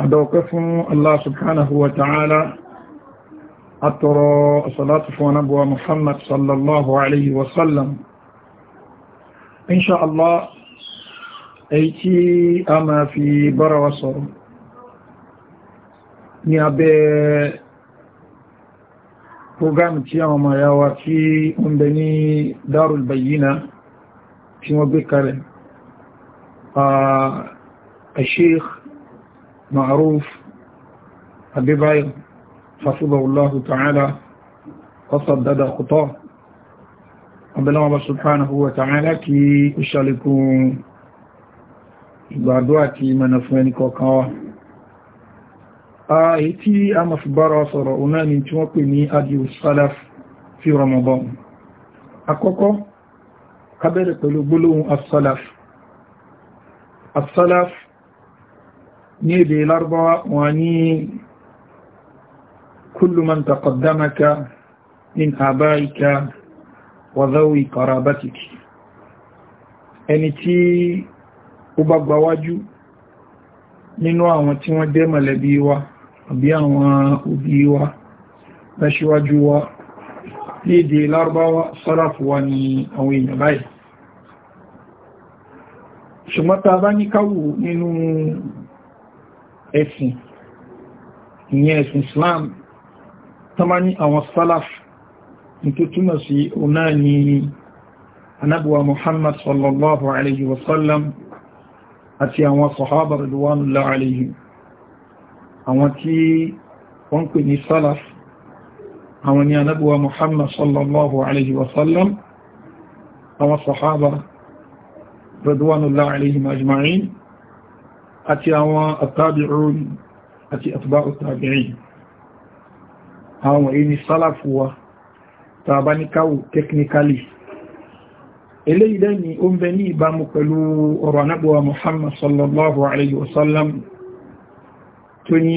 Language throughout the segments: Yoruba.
أدوكفو الله سبحانه وتعالى أترى صلاة فنبوة محمد صلى الله عليه وسلم إن شاء الله أيتي أما في برا وصر نيابي بوغام تياما يواتي أمدني دار البينة في مبكر الشيخ معروف أبي باير حفظه الله تعالى وصدد خطاه أبلغ سبحانه وتعالى كي أشاركم ìgbàdúwà tí mẹ́nà fún ẹni kọ̀ọ̀kan wá. a èyí tí a ma fi bára sọ̀rọ̀ ọ̀nà ni tí wọ́n pè ní adiu salaf fi Ramadan akọ́kọ́ ká pẹ̀lú gbólóhùn as-salaf ní èdè lárúbáwá wọ́n ní kullu man taqaddamaka min abaika wa dhawi qarabatiki ẹni tí ó bá gbáwájú nínú àwọn tí wọ́n jẹ́ mọ̀lẹ́bí wa àbí àwọn òbí wa lẹ́ṣíwájú wa ní èdè lárúbáwá sọ́ráfù wa ní àwọn èèyàn báyìí ṣùgbọ́n ta bá ní káwò nínú ẹ̀sìn ìyẹn ẹ̀sìn Islam tánmà ní àwọn salaf ní tó túnmọ̀ sí ọ̀nà ní anábúwa Muhammad sallallahu alayhi wasallam àti àwọn sahaba ridwanullah alayhim àwọn tí wọ́n pè ní salaf àwọn ni anábúwa Muhammad sallallahu alayhi wasallam àwọn sahaba ridwanullah alayhim ajma'in àti àwọn àtàbìrún àti àtàbàrún tàbìrìn àwọn èyí ni sálàfù wa tàbá ní káwò technically eléyìí dẹ́ ni ó ń bẹ ní ìbámu pẹ̀lú ọ̀rọ̀ anábọ̀wà Muhammad sallallahu alayhi wasallam tó ní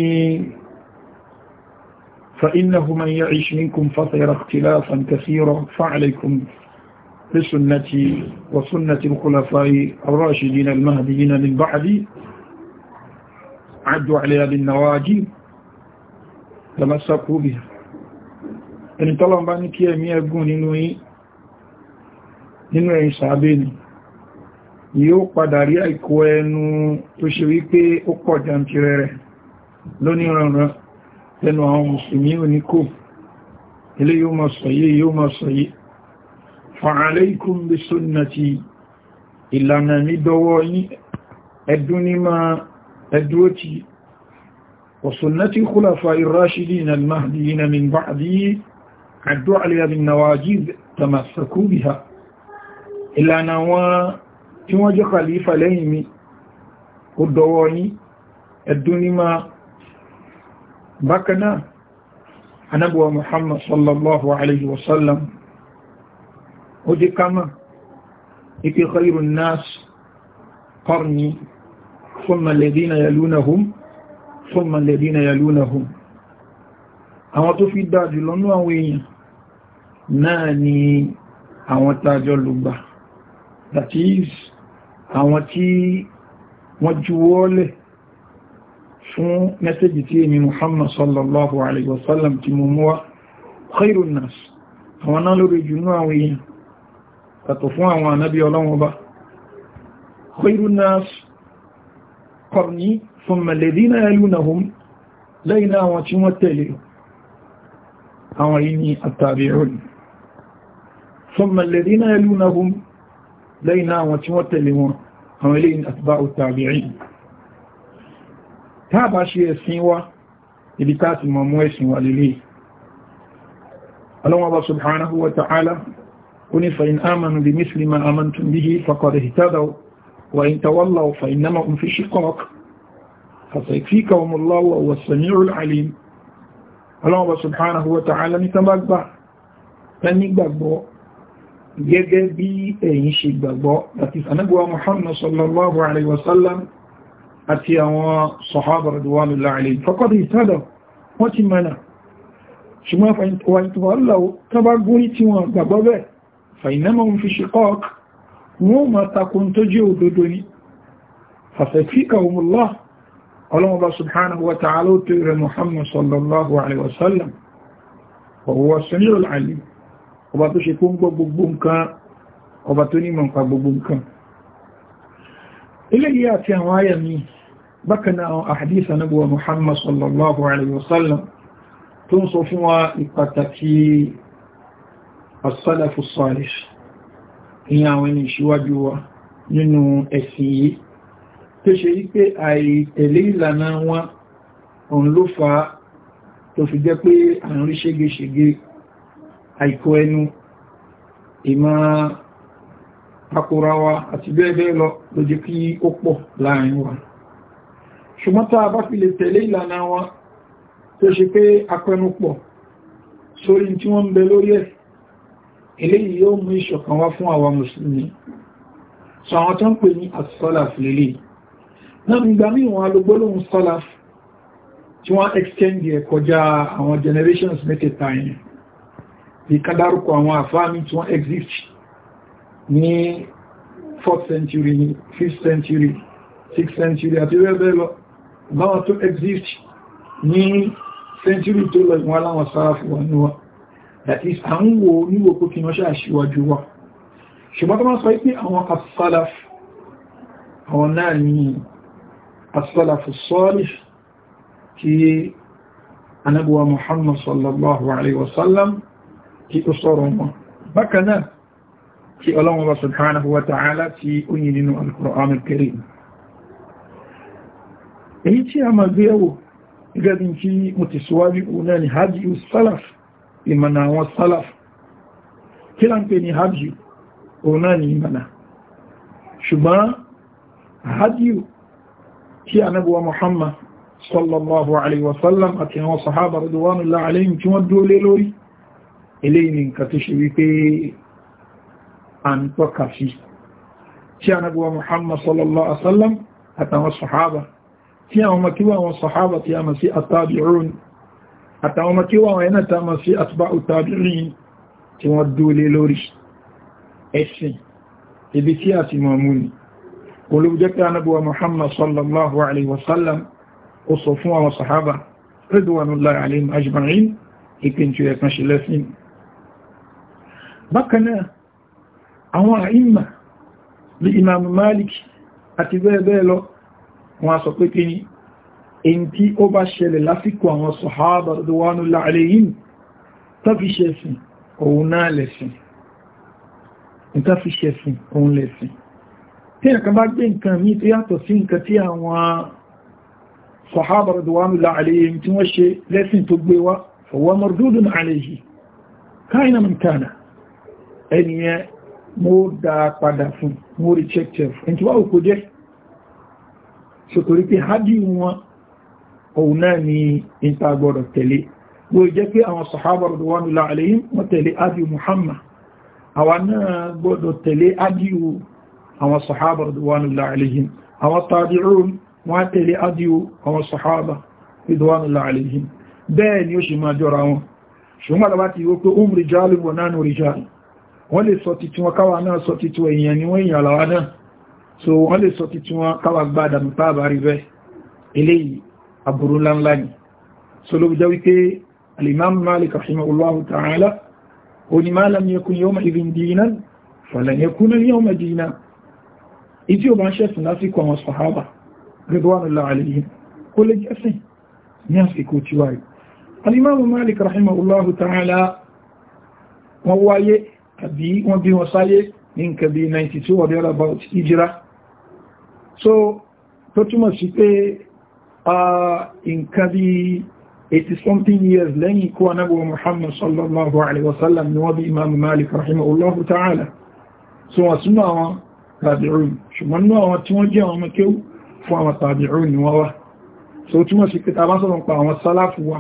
فإنه من يعيش منكم فسيرى اختلافا كثيرا فعليكم بسنتي وسنة الخلفاء الراشدين المهديين من بعدي عدوا عليها بالنواجين تمسكوا بها ẹni tọ́lọ̀n bá ní kí ẹ̀mí ẹgùn nínú yìí nínú ẹ̀yìn sàábé ni yóò padà rí àìkò ẹnu tó ṣe wípé ó pọ̀ jàntìrẹ rẹ̀ lóníranran lẹ́nu àwọn mùsùlùmí oníkò ilé yóò máa sọ̀yé yóò máa sọ̀yé fa'alaykum bi sunnati ìlànà mi dọwọ́ yín ẹdún ní máa أدوتي وسنة خلفاء الراشدين المهديين من بعدي عدوا عليها بالنواجذ تمسكوا بها إلا نوا تواجه خليفة ليمي لهم الدنيا ما بكنا أبو محمد صلى الله عليه وسلم ودي كما إكي خير الناس قرني ثم الذين يلونهم ثم الذين يلونهم àwọn tó fi dájú lọ́nú àwọn èèyàn náà ni àwọn tàjọ lùgbà that is àwọn tí wọ́n juwọ́lẹ̀ fún mẹ́sẹ̀jì tí èmi Muhammad sallallahu alaihi wasallam ti mú mú wá khairun nas àwọn náà lórí jùnú àwọn èèyàn tàtọ̀ fún àwọn anábí ọlọ́wọ́ bá khairun قرني ثم الذين يلونهم لينا وتمتلئ أويني التابعون ثم الذين يلونهم لينا وتمتلئون أولين أتباع التابعين تابع شيء السنوة ibitati mamuesi walili Allah subhanahu wa ta'ala kuni fa in amanu bimithli ma amantum bihi faqad وإن تولوا فإنما هم في شقاق فسيكفيكهم الله وهو السميع العليم الله سبحانه وتعالى نتبقى فنقبقى gẹ́gẹ́ bí ẹ̀yin ṣe gbàgbọ́ àti ànábì Muhammad sallallahu alaihi wasallam àti àwọn sahaba radwanullahi alaihim faqad ìtàdà wọ́n ti mẹ́nà ṣùgbọ́n fàyíntọ́wà lọ́wọ́ tàbá gúrí tí wọ́n gbàgbọ́ bẹ́ẹ̀ fa innahum fi shiqaq wọ́n ma takun tó jẹ́ òdodo ni fàfẹ́fíkà umullah ọlọ́mọba subhanahu wa ta'ala tó rẹ̀ muhammad sallallahu alaihi wasallam ọwọ́ sanyọ́ al'alim ọba tó ṣe kún gbogbo nǹkan ọba tó nímọ̀ pa gbogbo nǹkan ilé yìí àti àwọn ayà mi bákaná àwọn àhàdísà náà buwa muhammad sallallahu alaihi wasallam tó ń sọ fún wa ìpàtàkì as-salafus ní àwọn ẹni ìṣíwájú wa nínú ẹ̀sìn yìí tó ṣe wípé àìtẹ̀lé ìlànà wọn òun ló fa tó fi jẹ́ pé àrùn rí ṣégeṣége àìkọ ẹnu ìmọ̀ takora wa àti bẹ́ẹ̀bẹ́ẹ̀ lọ ló jẹ́ kí ó pọ̀ láàrin wa ṣùgbọ́n tá a bá fi lè tẹ̀lé ìlànà wọn tó ṣe pé apẹnupọ̀ sórí tí wọ́n ń bẹ lórí ẹ̀sìn eléyìí yóò mú ìṣọ̀kan wá fún àwa mùsùlùmí so àwọn tó ń pè ní asọ́làf lélẹ̀ náà nígbà míì wọn alógbólóhùn sọ́làf tí wọ́n extend ẹ̀ kọjá àwọn generations mẹ́tẹ̀ẹ̀ta yẹn bí kádárùkọ àwọn àfáàmì tí wọ́n exist ní 4th century 5th century 6th century àti rẹ́bẹ́ lọ báwọn tó exist ní century tó lọ ìwọ̀n aláwọ̀ sára fún wọn níwọ̀n that is à ń wo níwò kó kí wọ́n ṣe àṣíwájú wa ṣùgbọ́n tó máa sọ pé àwọn asálàf àwọn náà ni asálàf sọ́ọ̀lìf kí anábúwa muhammad sallallahu alaihi wasallam kí ó sọ́rọ̀ wọn bákan náà kí ọlọ́run wa subhanahu wa ta'ala tí ó nínú al-Qur'an èyí tí a máa gbé ẹwò gẹ́gẹ́ bí kí mo ti síwájú náà ni hajji salaf ìmọ̀nà àwọn salaf kí lá ń pè ní hajjú òun náà ni ìmọ̀nà ṣùgbọ́n hajjú tí anábuwa Muhammad sallallahu alaihi wasallam àti àwọn sahaba radwanullahi alaihim tí wọ́n dúó lé lórí eléyìí ni nǹkan tó ṣe wípé à ń tọ́ka sí tí anábuwa Muhammad sallallahu alaihi wasallam àtàwọn àwọn sahaba tí àtàwọn ọmọ kí wọ́n àwọn ẹ̀nà tàà mọ̀ sí atba'u tabi'in tí wọ́n dúlé lórí ẹ̀sìn ibi tí a ti mọ̀ mú ní olùjẹ́kẹ́ anábúwa Muhammad sallallahu alaihi wasallam ó sọ fún àwọn sahaba ridwanullahi alaihim èyí tí ó bá ṣẹlẹ̀ lásìkò àwọn sọ̀hábà rọ̀dọ̀wánúlá àlèyìn tàbíṣẹ́sìn òun náà lẹ̀sìn ìtàfíṣẹ́sìn òun lẹ̀sìn tí ẹ̀kan bá gbé nǹkan mí tó yàtọ̀ sí nǹkan tí àwọn sọ̀hábà rọ̀dọ̀wánúlá àlèyìn tí wọ́n ṣe lẹ́sìn tó gbé wá fọwọ́ pé hádìí wọn òun náà ni ìta gbọ́dọ̀ tẹ̀lé bó jẹ́ pé àwọn sàhábà radwanullahi alayhim wọ́n tẹ̀lé adiyu muhammad àwa náà gbọ́dọ̀ tẹ̀lé adiyu àwọn sàhábà radwanullahi alayhim àwọn tabi'un wọ́n tẹ̀lé adiyu àwọn sàhábà radwanullahi alayhim bẹ́ẹ̀ ni ó ṣe máa jọra wọn ṣùgbọ́n bá ti wó pé um rijal wa nanu rijal wọ́n lè sọ títí wọn aburú ńláńlá ni so ló jẹ́ wípé alimam malik rahimahullahu ta'ala ó ní ma lam yakun yawma idhin dinan falan yakuna al-yawma dinan ìtí ò bá ń ṣẹ̀sìn lásìkò àwọn sàhábà ridwanullahi alayhim kó lè jẹ́sìn ní àsìkò tíwáyé alimamu malik rahimahullahu ta'ala wọ́n wáyé àbí wọ́n bí wọ́n sáyé ní nǹkan bí 92 ọdí ọlọ́bà ìjírá so tó túmọ̀ sí pé nǹkan bí 80 something years lẹ́yìn ikú anábọ̀ Muhammad sallallahu alaihi wasallam ni wọ́n bí imam Malik rahimahullahu ta'ala so wọ́n súnmọ́ àwọn tabi'un ṣùgbọ́n náà wọ́n tí wọ́n jẹ́ àwọn makéw fún àwọn tabi'un ni wọ́n wá so tí wọ́n sì pẹta bá sọ́rọ̀ pa àwọn sálàfù wa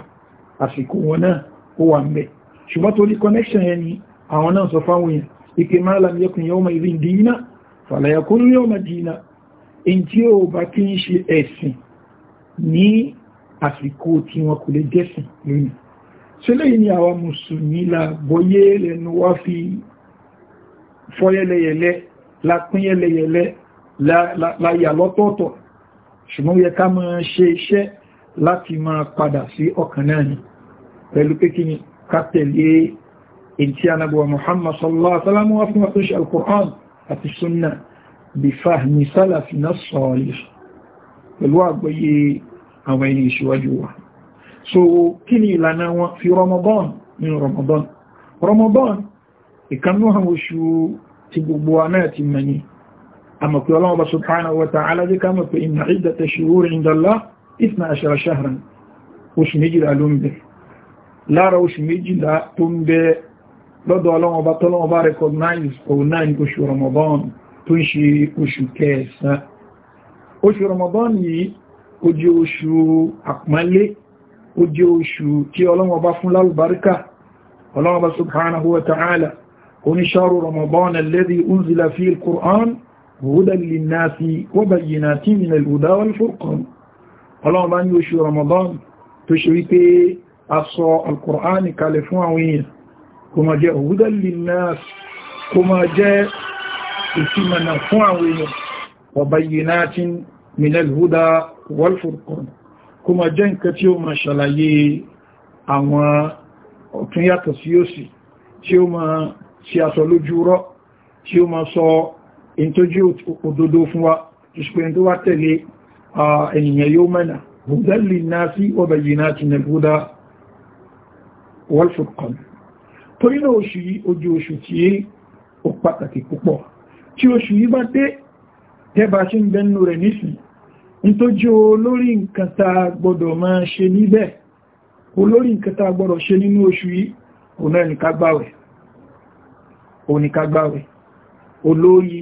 àsìkò wọn náà ó wà mẹ́ ṣùgbọ́n torí connection yẹn ni àwọn náà sọ fáwọn yẹn ike ma lam yakun yawma idhin dina fala yakun yawma dina in tí ó bá kí ń ṣe ẹ̀sìn ní àsìkò tí wọn kò lè jẹ́sìn lónìí ṣe lẹ́yìn ni àwọn mùsùlùmí la bọ́yé lẹ́nu wá fi fọ́ yẹ́lẹ́yẹ̀lẹ́ la pín yẹ́lẹ́yẹ̀lẹ́ la yà lọ́tọ̀ọ̀tọ̀ ṣùgbọ́n yẹ ká máa ṣe iṣẹ́ láti máa padà sí ọkàn náà ni pẹ̀lú pé kí ni ká tẹ̀lé ètí anábọ̀wà Muhammad àwọn ẹni ìṣíwájú wa so kí ni ìlànà wọn fi Ramadan nínú Ramadan Ramadan ìkanú àwọn oṣù ti gbogbo wa náà ti mẹ́ni àmọ̀pẹ̀ ọlọ́wọ́ subhanahu wa ta'ala jẹ́ ká mọ̀ pé inna iddata shuhuri inda Allah ithna ashara shahran oṣù méjìlá ló ń bẹ lára oṣù méjìlá tó ń bẹ lọ́dọ̀ ọlọ́wọ́ba tọ́lọ́wọ́ba recognize òun náà ó jẹ́ oṣù àpọ́nlé ó jẹ́ oṣù tí ọlọ́run ọba fún lálùbáríkà ọlọ́run ọba subhanahu wa ta'ala oníṣàrù ramadan alladhi unzila fi al-qur'an hudan linnasi wa bayyinatin min al-huda wal furqan ọlọ́run bá ní oṣù ramadan tó ṣe wípé a sọ al-qur'an wal furqan kó ma jẹ́ nǹkan tí ó ma ṣàlàyé àwọn ọ̀tún yàtọ̀ sí òsì tí ó ma sí aṣọ lójú rọ́ tí ó ma sọ ìntójú òdodo fún wa ìṣpẹ̀rin tó wá tẹ̀lé ènìyàn yóò mẹ́nà hùdẹ́lì náà sí ọbẹ̀ yìí náà ti nẹ̀búdá wal furqan torí oṣù yìí ojú oṣù tí ó pàtàkì púpọ̀ tí oṣù yìí bá dé tẹ́bà sí ń bẹ́nu rẹ̀ nísìnyí nítójú olórí nǹkan tá gbọ́dọ̀ máa ṣe níbẹ̀ olórí nǹkan tá gbọ́dọ̀ ṣe nínú oṣù yìí òun náà ní ká gbààwẹ̀ òun ní ká gbààwẹ̀ olórí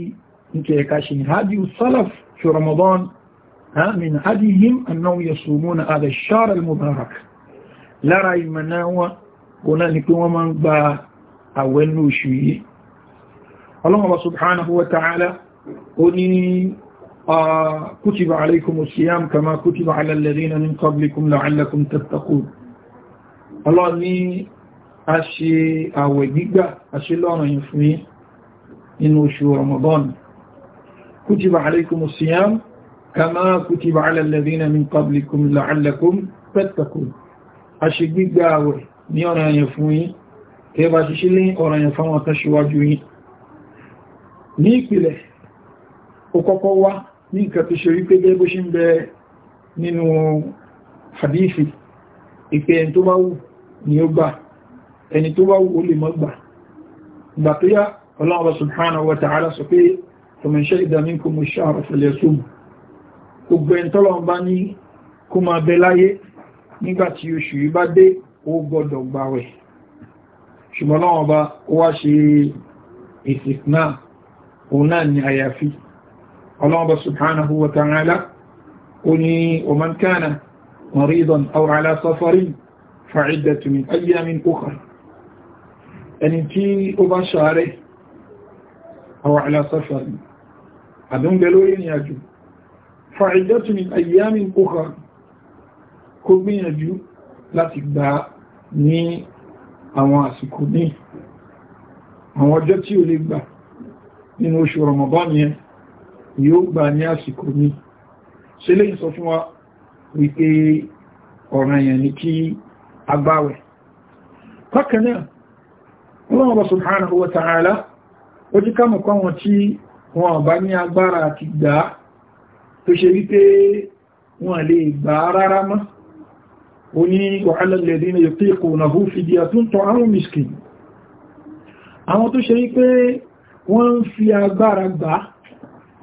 nǹkan ẹ̀ka ṣe ní hadi salaf fi ramadan min hadihim annahum yasumuna ala ash-shahr al-mubarak lára ìmọ̀nà كتب عليكم الصيام كما كتب على الذين من قبلكم لعلكم تتقون الله ني اشي او غيغا اشي لون ينفني انه شهر رمضان كتب عليكم الصيام كما كتب على الذين من قبلكم لعلكم تتقون اشي غيغا ني انا ينفني كيف اشي لين اورا ينفوا تشواجوي ني كله وكوكو ní nǹkan tó ṣe rí pé gẹ́gbó ṣe ń bẹ nínú hadithi ìpé ẹni tó bá wù ní ó gbà ẹni tó bá wù ó lè mọ́ gbà ìgbà tó yá Allah subhanahu wa ta'ala sọ pé faman shahida minkumu shahra falyasum gbogbo òun náà ni àyàfi الله سبحانه وتعالى قني ومن كان مريضا أو على سفر فعدة من أيام أخرى أن انتي أبا شهره أو على سفر أدون بلوين يجو فعدة من أيام أخرى كل من يجو لا تقبع ni àwọn àsìkò ní àwọn ọjọ́ tí ó lè gbà nínú oṣù Ramadan yẹn yóò gbà ní àsìkò ní ṣe lè sọ fún wa wípé ọ̀ràn èèyàn ní kí agbáwẹ̀ bákanáà ọlọ́run ọba subhanahu wa ta'ala ó ti ká mọ̀kọ́ wọn tí wọn bá ní agbára àti gbà tó ṣe wípé wọn lè gbà rárá mọ́ ó ní wa'ala alladhina wọ́n ń fi agbára gbà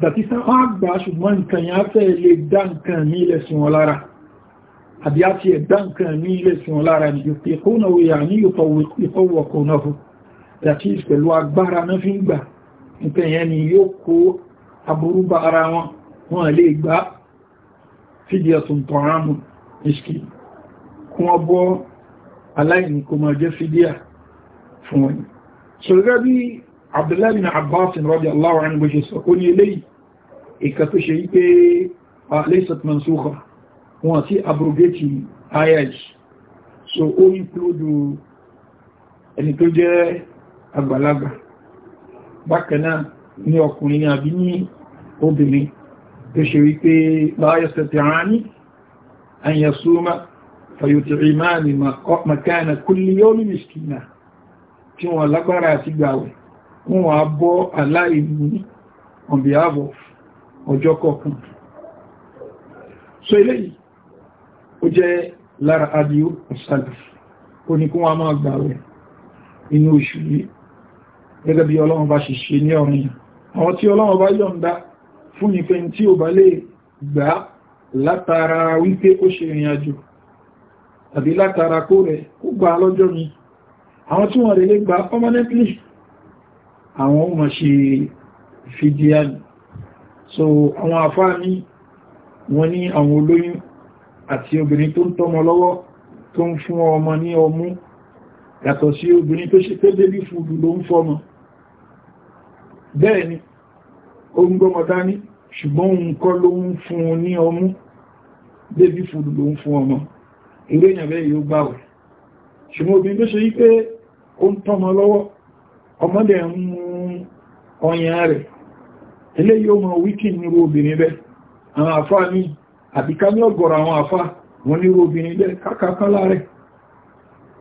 dàtí sán á gbà ṣùgbọ́n nǹkan yà fẹ́ lè dá nǹkan ní ilẹ̀ sí wọn lára àbí á ti ẹ̀dá nǹkan ní ilẹ̀ sí wọn lára ní yóò pẹ̀kọ́ náà yà ní ìfọwọ́kọ̀ náà fún dàtí pẹ̀lú agbára náà fi ń gbà nǹkan yẹn ni Abdullah bin Abbas radiyallahu anhu bó ṣe sọ ó ní eléyìí ìkà tó ṣe wípé laysat mansukha wọn àti abrogate ayaj so ó ń kúròdù ẹni tó jẹ́ àgbàlagbà bákanáà ní ọkùnrin àbí ní obìnrin tó ṣe wípé láyẹsẹ̀ tí a ní àyẹ̀súmá fàyòtì ìmáàmì makana kulli yawmi miskina tí wọ́n lágbára àti gbàwẹ̀ wọ́n wà bọ́ aláìní on behalf of ọjọ́ kọ̀ọ̀kan so eléyìí ó jẹ́ lára adiyo salaf ó ní kí wọ́n máa gbààwẹ̀ inú oṣù yìí gẹ́gẹ́ bí ọlọ́run bá ṣiṣẹ́ ní ọ̀rin àwọn tí ọlọ́run bá yọ̀ǹda fún ìfẹ́ tí ò bá lè gbà látara wípé ó ṣe ìrìn àjò tàbí látara kó rẹ̀ ó gbà lọ́jọ́ mi àwọn tí wọ́n rẹ̀ lè gbà permanently àwọn ó máa ṣe fìdíà so àwọn àfáà ní wọ́n ní àwọn olóyún àti obìnrin tó ń tọ́mọ lọ́wọ́ tó ń fún ọmọ ní ọmú yàtọ̀ sí obìnrin tó ṣe pé débí fúdù ló ń fọ́mọ bẹ́ẹ̀ ni ó ń gbọ́mọ dání ṣùgbọ́n òun kọ́ ló ń fún ní ọmú débí fúdù ló ń fún ọmọ eré èèyàn bẹ́ẹ̀ yóò gbàwẹ̀ ṣùgbọ́n obìnrin tó ṣe yí ó ń tọ́mọ lọ́wọ́ ọmọdé ń mú ọyàn rẹ̀ ilé yóò mọ̀ wíkì nírú obìnrin bẹ́ àwọn àfá ní àbíká ní ọgọ̀rọ̀ àwọn àfá wọn nírú obìnrin bẹ́ kákàkálá rẹ̀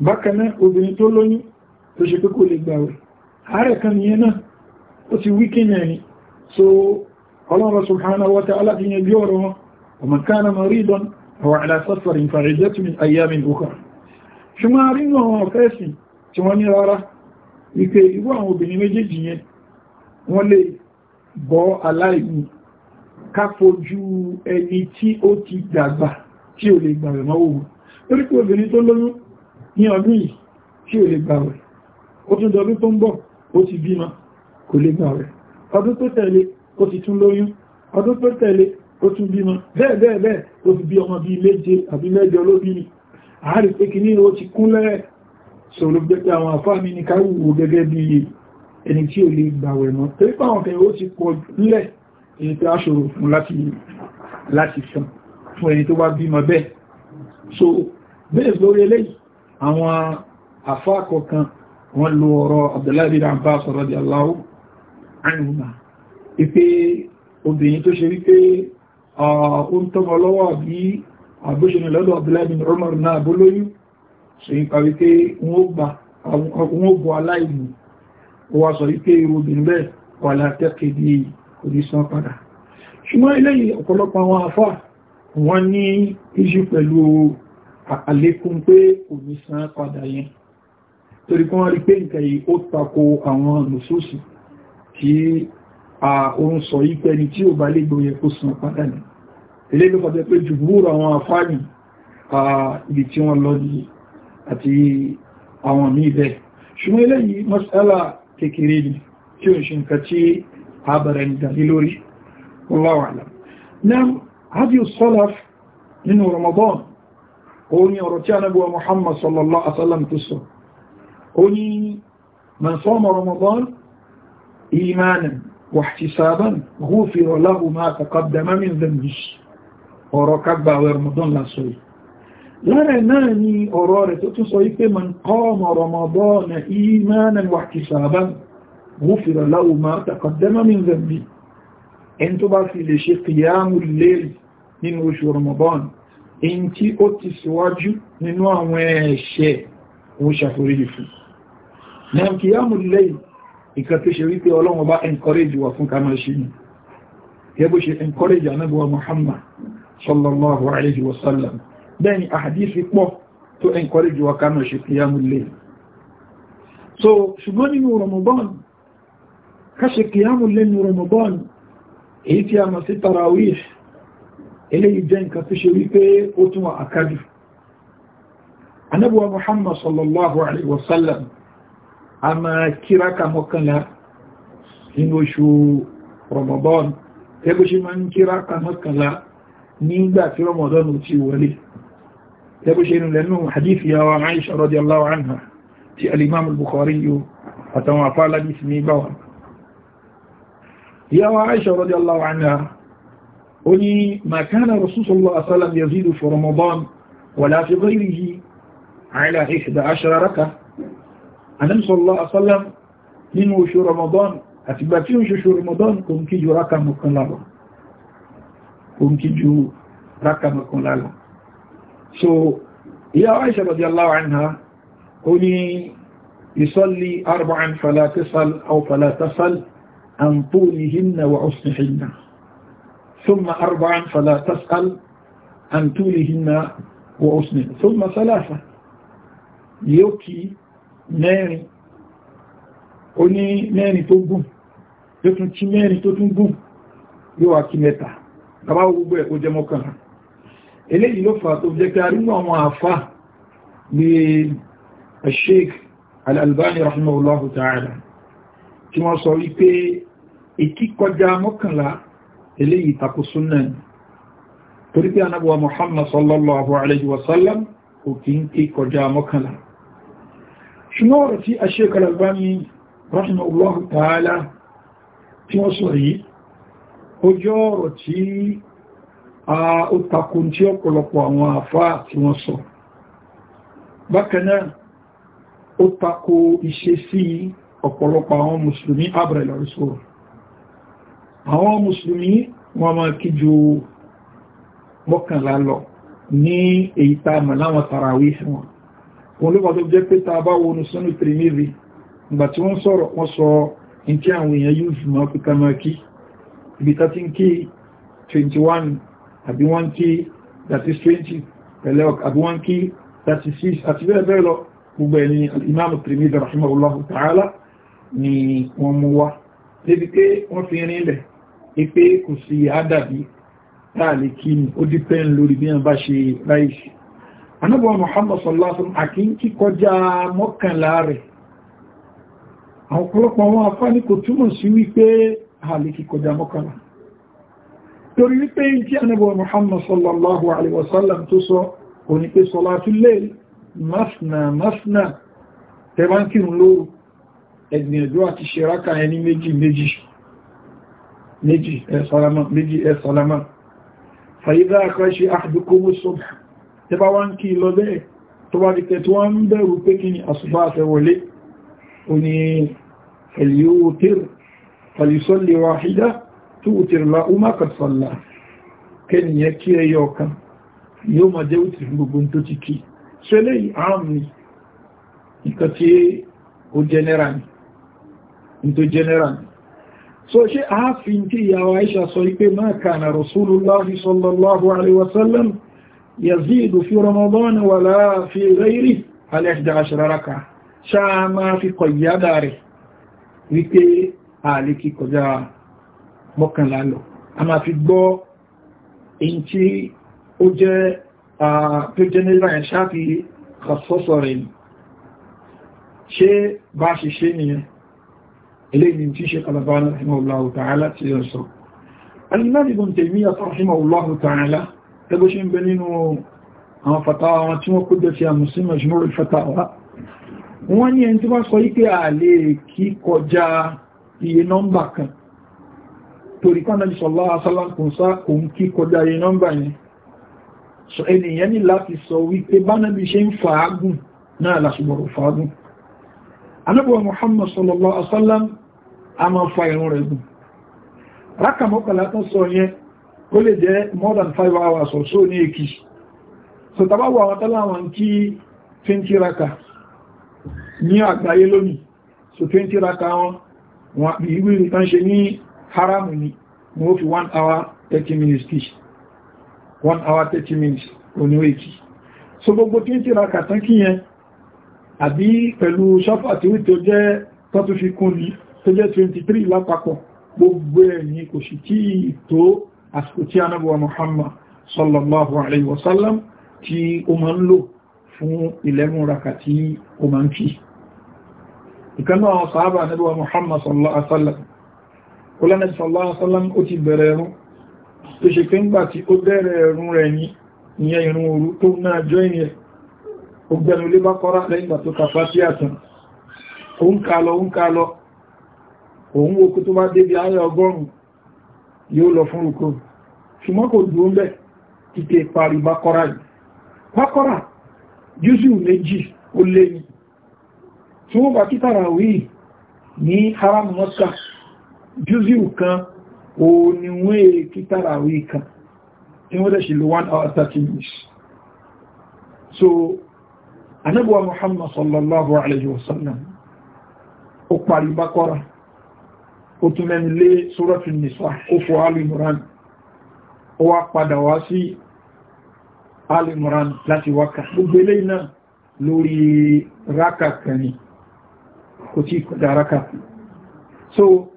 bákanáà obìnrin tó lóyún tó ṣe pé kò lè gbàwẹ̀ ààrẹ kan ni so bi ma ala wípé irú àwọn obìnrin méjèèjì yẹn wọ́n lè bọ́ aláìní káfojú ẹni tí ó ti dàgbà tí ò lè gbàwẹ̀ mọ́wọ́ wọn torí pé obìnrin tó lóyún ní ọdún yìí tí ò lè gbàwẹ̀ ó tún dọdún tó ń bọ̀ ó ti bímọ kò lè gbàwẹ̀ ọdún tó tẹ̀lé ó ti tún lóyún ọdún tó tẹ̀lé ó tún bímọ bẹ́ẹ̀ bẹ́ẹ̀ bẹ́ẹ̀ ó ti bí ọmọ bíi méje àbí mẹ́jọ lóbìnrin àárí pé kìíní ó ti kúnlẹ̀ sọ̀rọ̀ gbẹ́gbẹ́ àwọn àfáà mi ní káwùwò gẹ́gẹ́ bíi ẹni tí ò lè gbàwẹ̀ mọ́ torí pàwọn tẹ ó ti pọ̀ nílẹ̀ èyí tó aṣòro fún láti sàn fún ẹni tó bá bímọ bẹ́ẹ̀ so bẹ́ẹ̀ lórí eléyìí àwọn àfáàkọ̀ kan wọ́n lo ọ̀rọ̀ Abdullahi bin Abbas radiyallahu anhuma wípé obìnrin tó ṣe wípé ó ń tọ́mọ lọ́wọ́ àbí àbúṣẹ́ni lọ́dọ̀ Abdullahi bin Umar náà bólóyún ṣe ń pa wípé wọ́n gbọ́ aláìmù ó wá sọ wípé irúbìn bẹ́ẹ̀ wà látẹ́kì bí òdísán padà ṣùgbọ́n eléyìí ọ̀pọ̀lọpọ̀ àwọn afá wọ́n ní iṣu pẹ̀lú àlékún pé òdísán padà yẹn torí kí wọ́n rí pé nǹkan yìí ó tako àwọn lòsóòsì tí a ó ń sọ yìí pẹ́ni tí ò bá lè gbòyẹ kó san padà ní eléyìí ló kọjá pé jùgbúrò àwọn afá ní ibi tí wọ́n lọ ní àti àwọn míì bẹ́ẹ̀ ṣùgbọ́n eléyìí masala تكريدي تشين كتي عبر الدليلوري والله أعلم نعم هذه الصلاة من رمضان أوني رتيان أبو محمد صلى الله عليه وسلم تسر أوني من صام رمضان إيمانا واحتسابا غفر له ما تقدم من ذنبه وركب رمضان لا سويت lára náà ni ọ̀rọ̀ rẹ̀ tó tún sọ wípé man qama ramadana imanan wa ihtisaban ghufira lahu ma taqaddama min dhanbi ẹn tó bá fi lè ṣe qiyamul layl nínú oṣù Ramadan in tí ó ti síwájú nínú àwọn ẹ̀ṣẹ̀ ó ṣàforíjì fún náà qiyamul layl ìkà tó ṣe bá encourage wà ṣe ní yẹ́bó ṣe encourage anábíwa Muhammad bẹ́ẹ̀ ni àdísì pọ̀ tó encourage wa ká máa ṣe kìyàmù lè so ṣùgbọ́n nínú Ramadan ká ṣe kìyàmù lè ní Ramadan èyí tí a mọ̀ sí tarawih eléyìí jẹ́ nǹkan tó Muhammad sallallahu alaihi wasallam a máa kíra ka mọ́kànlá nínú oṣù Ramadan ẹgbẹ́ ṣe máa ń kíra ka mọ́kànlá nígbà tí Ramadan ti wọlé gẹ́gẹ́ ṣe inú lẹ́nu hadithi ya wa Aisha radiyallahu anha ti al-Imam al-Bukhari yóò àtàwọn àfáàlá ní ìsinmi gbáwà ya wa Aisha radiyallahu anha ó ní ma kana rasulullah asalam yazidu fi Ramadan wala fi ghayrihi ala ihda ashara raka anam sallallahu asalam nínú oṣù Ramadan àti gbà tí ó ń ṣoṣù Ramadan kò ń kí ju rákà mọ́kànlá lọ so ìyá Aisha radiyallahu anha ó ní ìsọ́lì arba'an falatisal aw falatasal an tulihinna wa usnihinna ثم أربعا فلا تسأل عن طولهن وأسنه ثم ثلاثة يوكي mẹ́rin ó ní mẹ́rin tó gùn yóò tún kí mẹ́rin tó tún gùn yóò wá kí mẹ́ta tàbá gbogbo eléyìí ló fà tó jẹ́ pé a rínú àwọn àfá bí i sheik al-albani rahimahullahu ta'ala tí wọ́n sọ wípé ìkíkọjá mọ́kànlá eléyìí tako súnnà ni torí pé anábọ̀wà muhammad sallallahu alaihi wasallam kò kí ń kí kọjá mọ́kànlá ṣùgbọ́n ọ̀rọ̀ tí a sheik al-albani rahimahullahu ta'ala tí wọ́n sọ yìí ó ọ̀rọ̀ tí ó takò tí ọ̀pọ̀lọpọ̀ àwọn àfáà tí wọ́n sọ bákanáà ó takò ìṣesí ọ̀pọ̀lọpọ̀ àwọn mùsùlùmí abẹ̀lẹ̀lọ́sọ̀rọ̀ àwọn mùsùlùmí wọ́n máa kí ju mọ́kànlá lọ ní èyí tá mọ̀ láwọn tàràwí fún wọn wọn ló pàtó jẹ́ pé tàbá wọnú sínú tìrìmìrì ìgbà tí wọ́n sọ̀rọ̀ wọ́n sọ in tí àwọn èèyàn yóò ibi 21 àbí wọ́n kí that is 20 pẹ̀lẹ́ àbí wọ́n kí 36 àti bẹ́ẹ̀ bẹ́ẹ̀ lọ gbogbo ẹni imam Tirmidhi rahimahullahu ta'ala ni wọ́n mú wá débi pé wọ́n fi rin ilẹ̀ ipé kò sí àdàbí táàlì kí ni ó dípẹ́ lórí bí wọ́n bá ṣe ráìsì anábọ̀ Muhammad sallallahu alaihi wasallam àkíńkí torí wípé tí ànábì Muhammad sallallahu alaihi wasallam tó sọ kò ní pé salatul layl masna masna tẹbánkìrún lóru ẹgbìyànjú àti ṣeraka ẹni méjì méjì méjì ẹ̀sọ́lámà méjì ẹ̀sọ́lámà fàyídá àkọ́ṣe àdúkòmù sọ́bà tẹ bá wá ń kí lọ bẹ́ẹ̀ tó bá dìkẹ̀ tó wọ́n ń bẹ̀rù pé kí ni àsùbá àfẹ́wọlé o ni ẹ̀lẹ́wòtẹ́rù fàlìsọ́lẹ̀ wàhídá tó wùtìrìlá umar kàtàlá kẹniyàn kí ẹyọ ọ̀kan yóò máa jẹ́ wùtìrì gbogbo tó ti kí ṣẹlẹ̀ àmì nǹkan tí ó jẹ́nẹ́rà ní tó jẹ́nẹ́rà ní so ṣe ààfin tí ìyàwó aisha sọ ipé máa kànà rasulullahi sallallahu alaihi wasallam yazidu fi ramadan wala fi ghairi alẹ́ṣdá aṣíraraka ṣáà máa fi kọ̀yádà rẹ̀ wípé ààlè kíkọjá mọ́kànlá lọ a máa fi gbọ́ èyí tí ó jẹ́ tó jẹ́ nílá ẹ̀ ṣáàfi ọ̀sọ́sọ̀ rẹ̀ ni ṣe bá ṣe ṣe nìyẹn eléyìn tí ṣe kalabana rahimahullahu ta'ala ti yọ sọ alimadi bin taimiyya rahimahullahu ta'ala ẹgbẹ́ ṣe ń bẹ nínú àwọn fatawa wọn tí wọ́n ní ẹni tí wọ́n sọ yí pé kí kọjá iye nọ́mbà kan torí kánàlì sọ láàásálà kò ń kí kọjá yìí nọ́mbà yìí so ènìyàn ní láti sọ wípé bánàbí ṣe ń fàágùn náà lásìgbọ̀rọ̀ fàágùn anábọ̀ Muhammad sallallahu alaihi wasallam a máa fa ìrun rẹ̀ gùn rákà mọ́kànlá more than 5 hours or so ní èkì so tàbáwọ̀ àwọn tọ́láwọn kí 20 rákà ní àgbáyé so 20 rákà wọn wọn àbí ìwé haram ni ni ó fi 1 hour 30 minutes kí 1 hour 30 minutes oníwé kí so gbogbo tí ń tí ra kàtán kí yẹn àbí pẹ̀lú ṣọ́fà tí ó tó jẹ́ tọ́tù fi kún ní tó jẹ́ 23 lápapọ̀ gbogbo ẹ̀yìn kò sì tí tó àsìkò tí anábọ̀wà Muhammad sallallahu alaihi wasallam tí ó ma ń lò fún ilẹ̀mú raka tí ó ma ń kí. ìkanú àwọn sàábà anábọ̀wà Muhammad sallallahu alaihi wasallam olóòrùn sallallahu alaihi wasallam ó ti bẹ̀rẹ̀ ẹ̀rún tó ṣe pé ńgbà tí ó bẹ̀rẹ̀ ẹ̀rún rẹ̀ ní ìyẹn ìrún òru tó náà jọ ìyẹn ó gbẹ̀rún lé Baqara lẹ́yìnbà tó kàfà sí àtàn òun ká lọ òun ká lọ òun wo kú tó bá débi ayé ọgọ́rùn yóò lọ fún rúkọ haram mọ́sá jùzíù kan o ni wọ́n èé kí tàràwí kan tí wọ́n dẹ̀ṣì lò 1 hour 30 minutes so anábúwa muhammad sallallahu alayhi wa sallam ó parí bákọ́ra ó tún mẹ́ni lé sóràtù nìsá ó fò alimuran ó wá padà wá sí alimuran láti wákà gbogbo ilé náà lórí rákà kan kò tí kọjá rákà so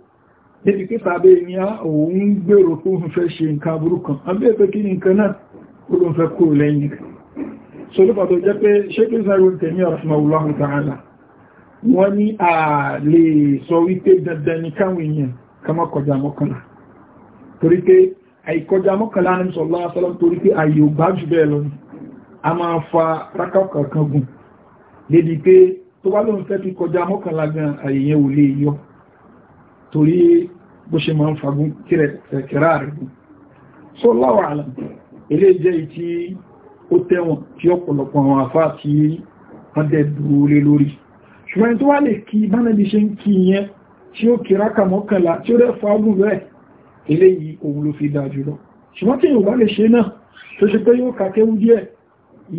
níbi kí sàbẹ̀ ní a òun gbèrò fún òun fẹ́ ṣe nǹkan burúkan abẹ́ pé kí ní nǹkan náà ó ló ń fẹ́ kúrò lẹ́yìn rẹ̀ so ló pàtó jẹ́ pé ṣékí sáré tẹ̀mí rahimahullahu ta'ala wọ́n ní à lè sọ wípé dandan ní káwọn èèyàn ká má kọjá mọ́kànlá torí pé àìkọjá torí bó ṣe máa ń fagún kìrà rẹ̀ gùn so láwọ̀ àlà ilé jẹ́ ìtí ó tẹ́wọ̀n tí ọ̀pọ̀lọpọ̀ àwọn afá tí wọ́n dẹ̀ dúró lé lórí ṣùgbọ́n tó wá lè kí bánàbí ṣe ń kí yẹn tí ó kìrà kà mọ́kànlá tí ó rẹ̀ fagún rẹ̀ ilé yìí òun ló fi dá jùlọ ṣùgbọ́n tí yóò bá lè ṣe náà tó ṣe pé yóò kàkéwú díẹ̀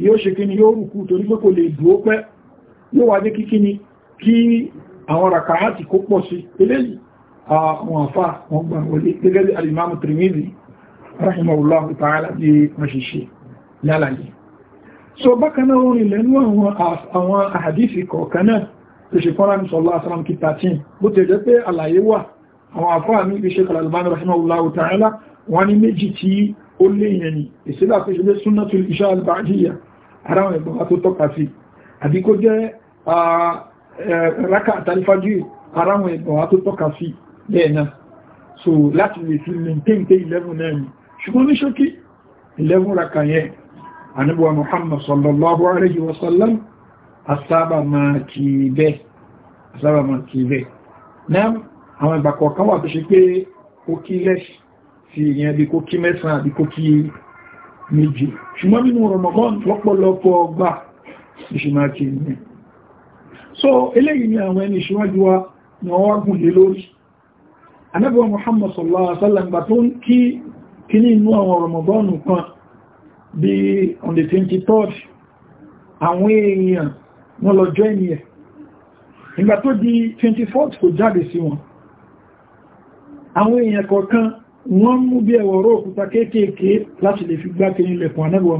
yóò ṣe kí ni yóò rùkú torí pé kò lè dúó pẹ́ yóò wá dé kíkí ni kí àwọn ràkàátì kó pọ̀ sí eléyìí àwọn àfá wọn gbà wọlé gẹ́gẹ́ bí alìmáàmù Tirmidhi rahimahullahu ta'ala bí wọ́n ṣe ṣe lálàyé so bákaná wọn rí lẹ́nu àwọn àhàdífì kọ̀ọ̀kan náà tó ṣe fọ́nrán ní sallallahu alaihi wasallam kí 13 bó tẹ̀ jẹ́ pé àlàyé wà àwọn àfáà ní ibi Sheikh Al-Albani rahimahullahu ta'ala wọ́n ní méjì tí ó léyìn ni ìsílá tó bẹ́ẹ̀ náà so láti lè fi maintain pé 11 náà ni ṣùgbọ́n ní ṣókí 11 raka yẹn anábúwa Muhammad sallallahu alayhi wa sallam asába máa kì í bẹ́ẹ̀ náà àwọn ìgbàkọ̀ kan wà tó ṣe pé ó kí lẹ́ṣì sí ìyẹn bí kó kí mẹ́sàn àbí kó kí méjì ṣùgbọ́n so eléyìí ni àwọn ẹni ìṣíwájú wa ni wọ́n wá gùn lé lórí anábọ̀ Muhammad sallallahu alaihi wasallam gbà tó ń kí kí ní inú àwọn Ramadanu kan bí on the 23rd àwọn èèyàn wọ́n lọ jọ ẹni ẹ̀ ìgbà tó di 24th kò jáde sí wọn àwọn èèyàn kọ̀ọ̀kan wọ́n mú bí ẹwọ̀rọ̀ òkúta kéékèèké láti lè fi gbáke nílẹ̀kùn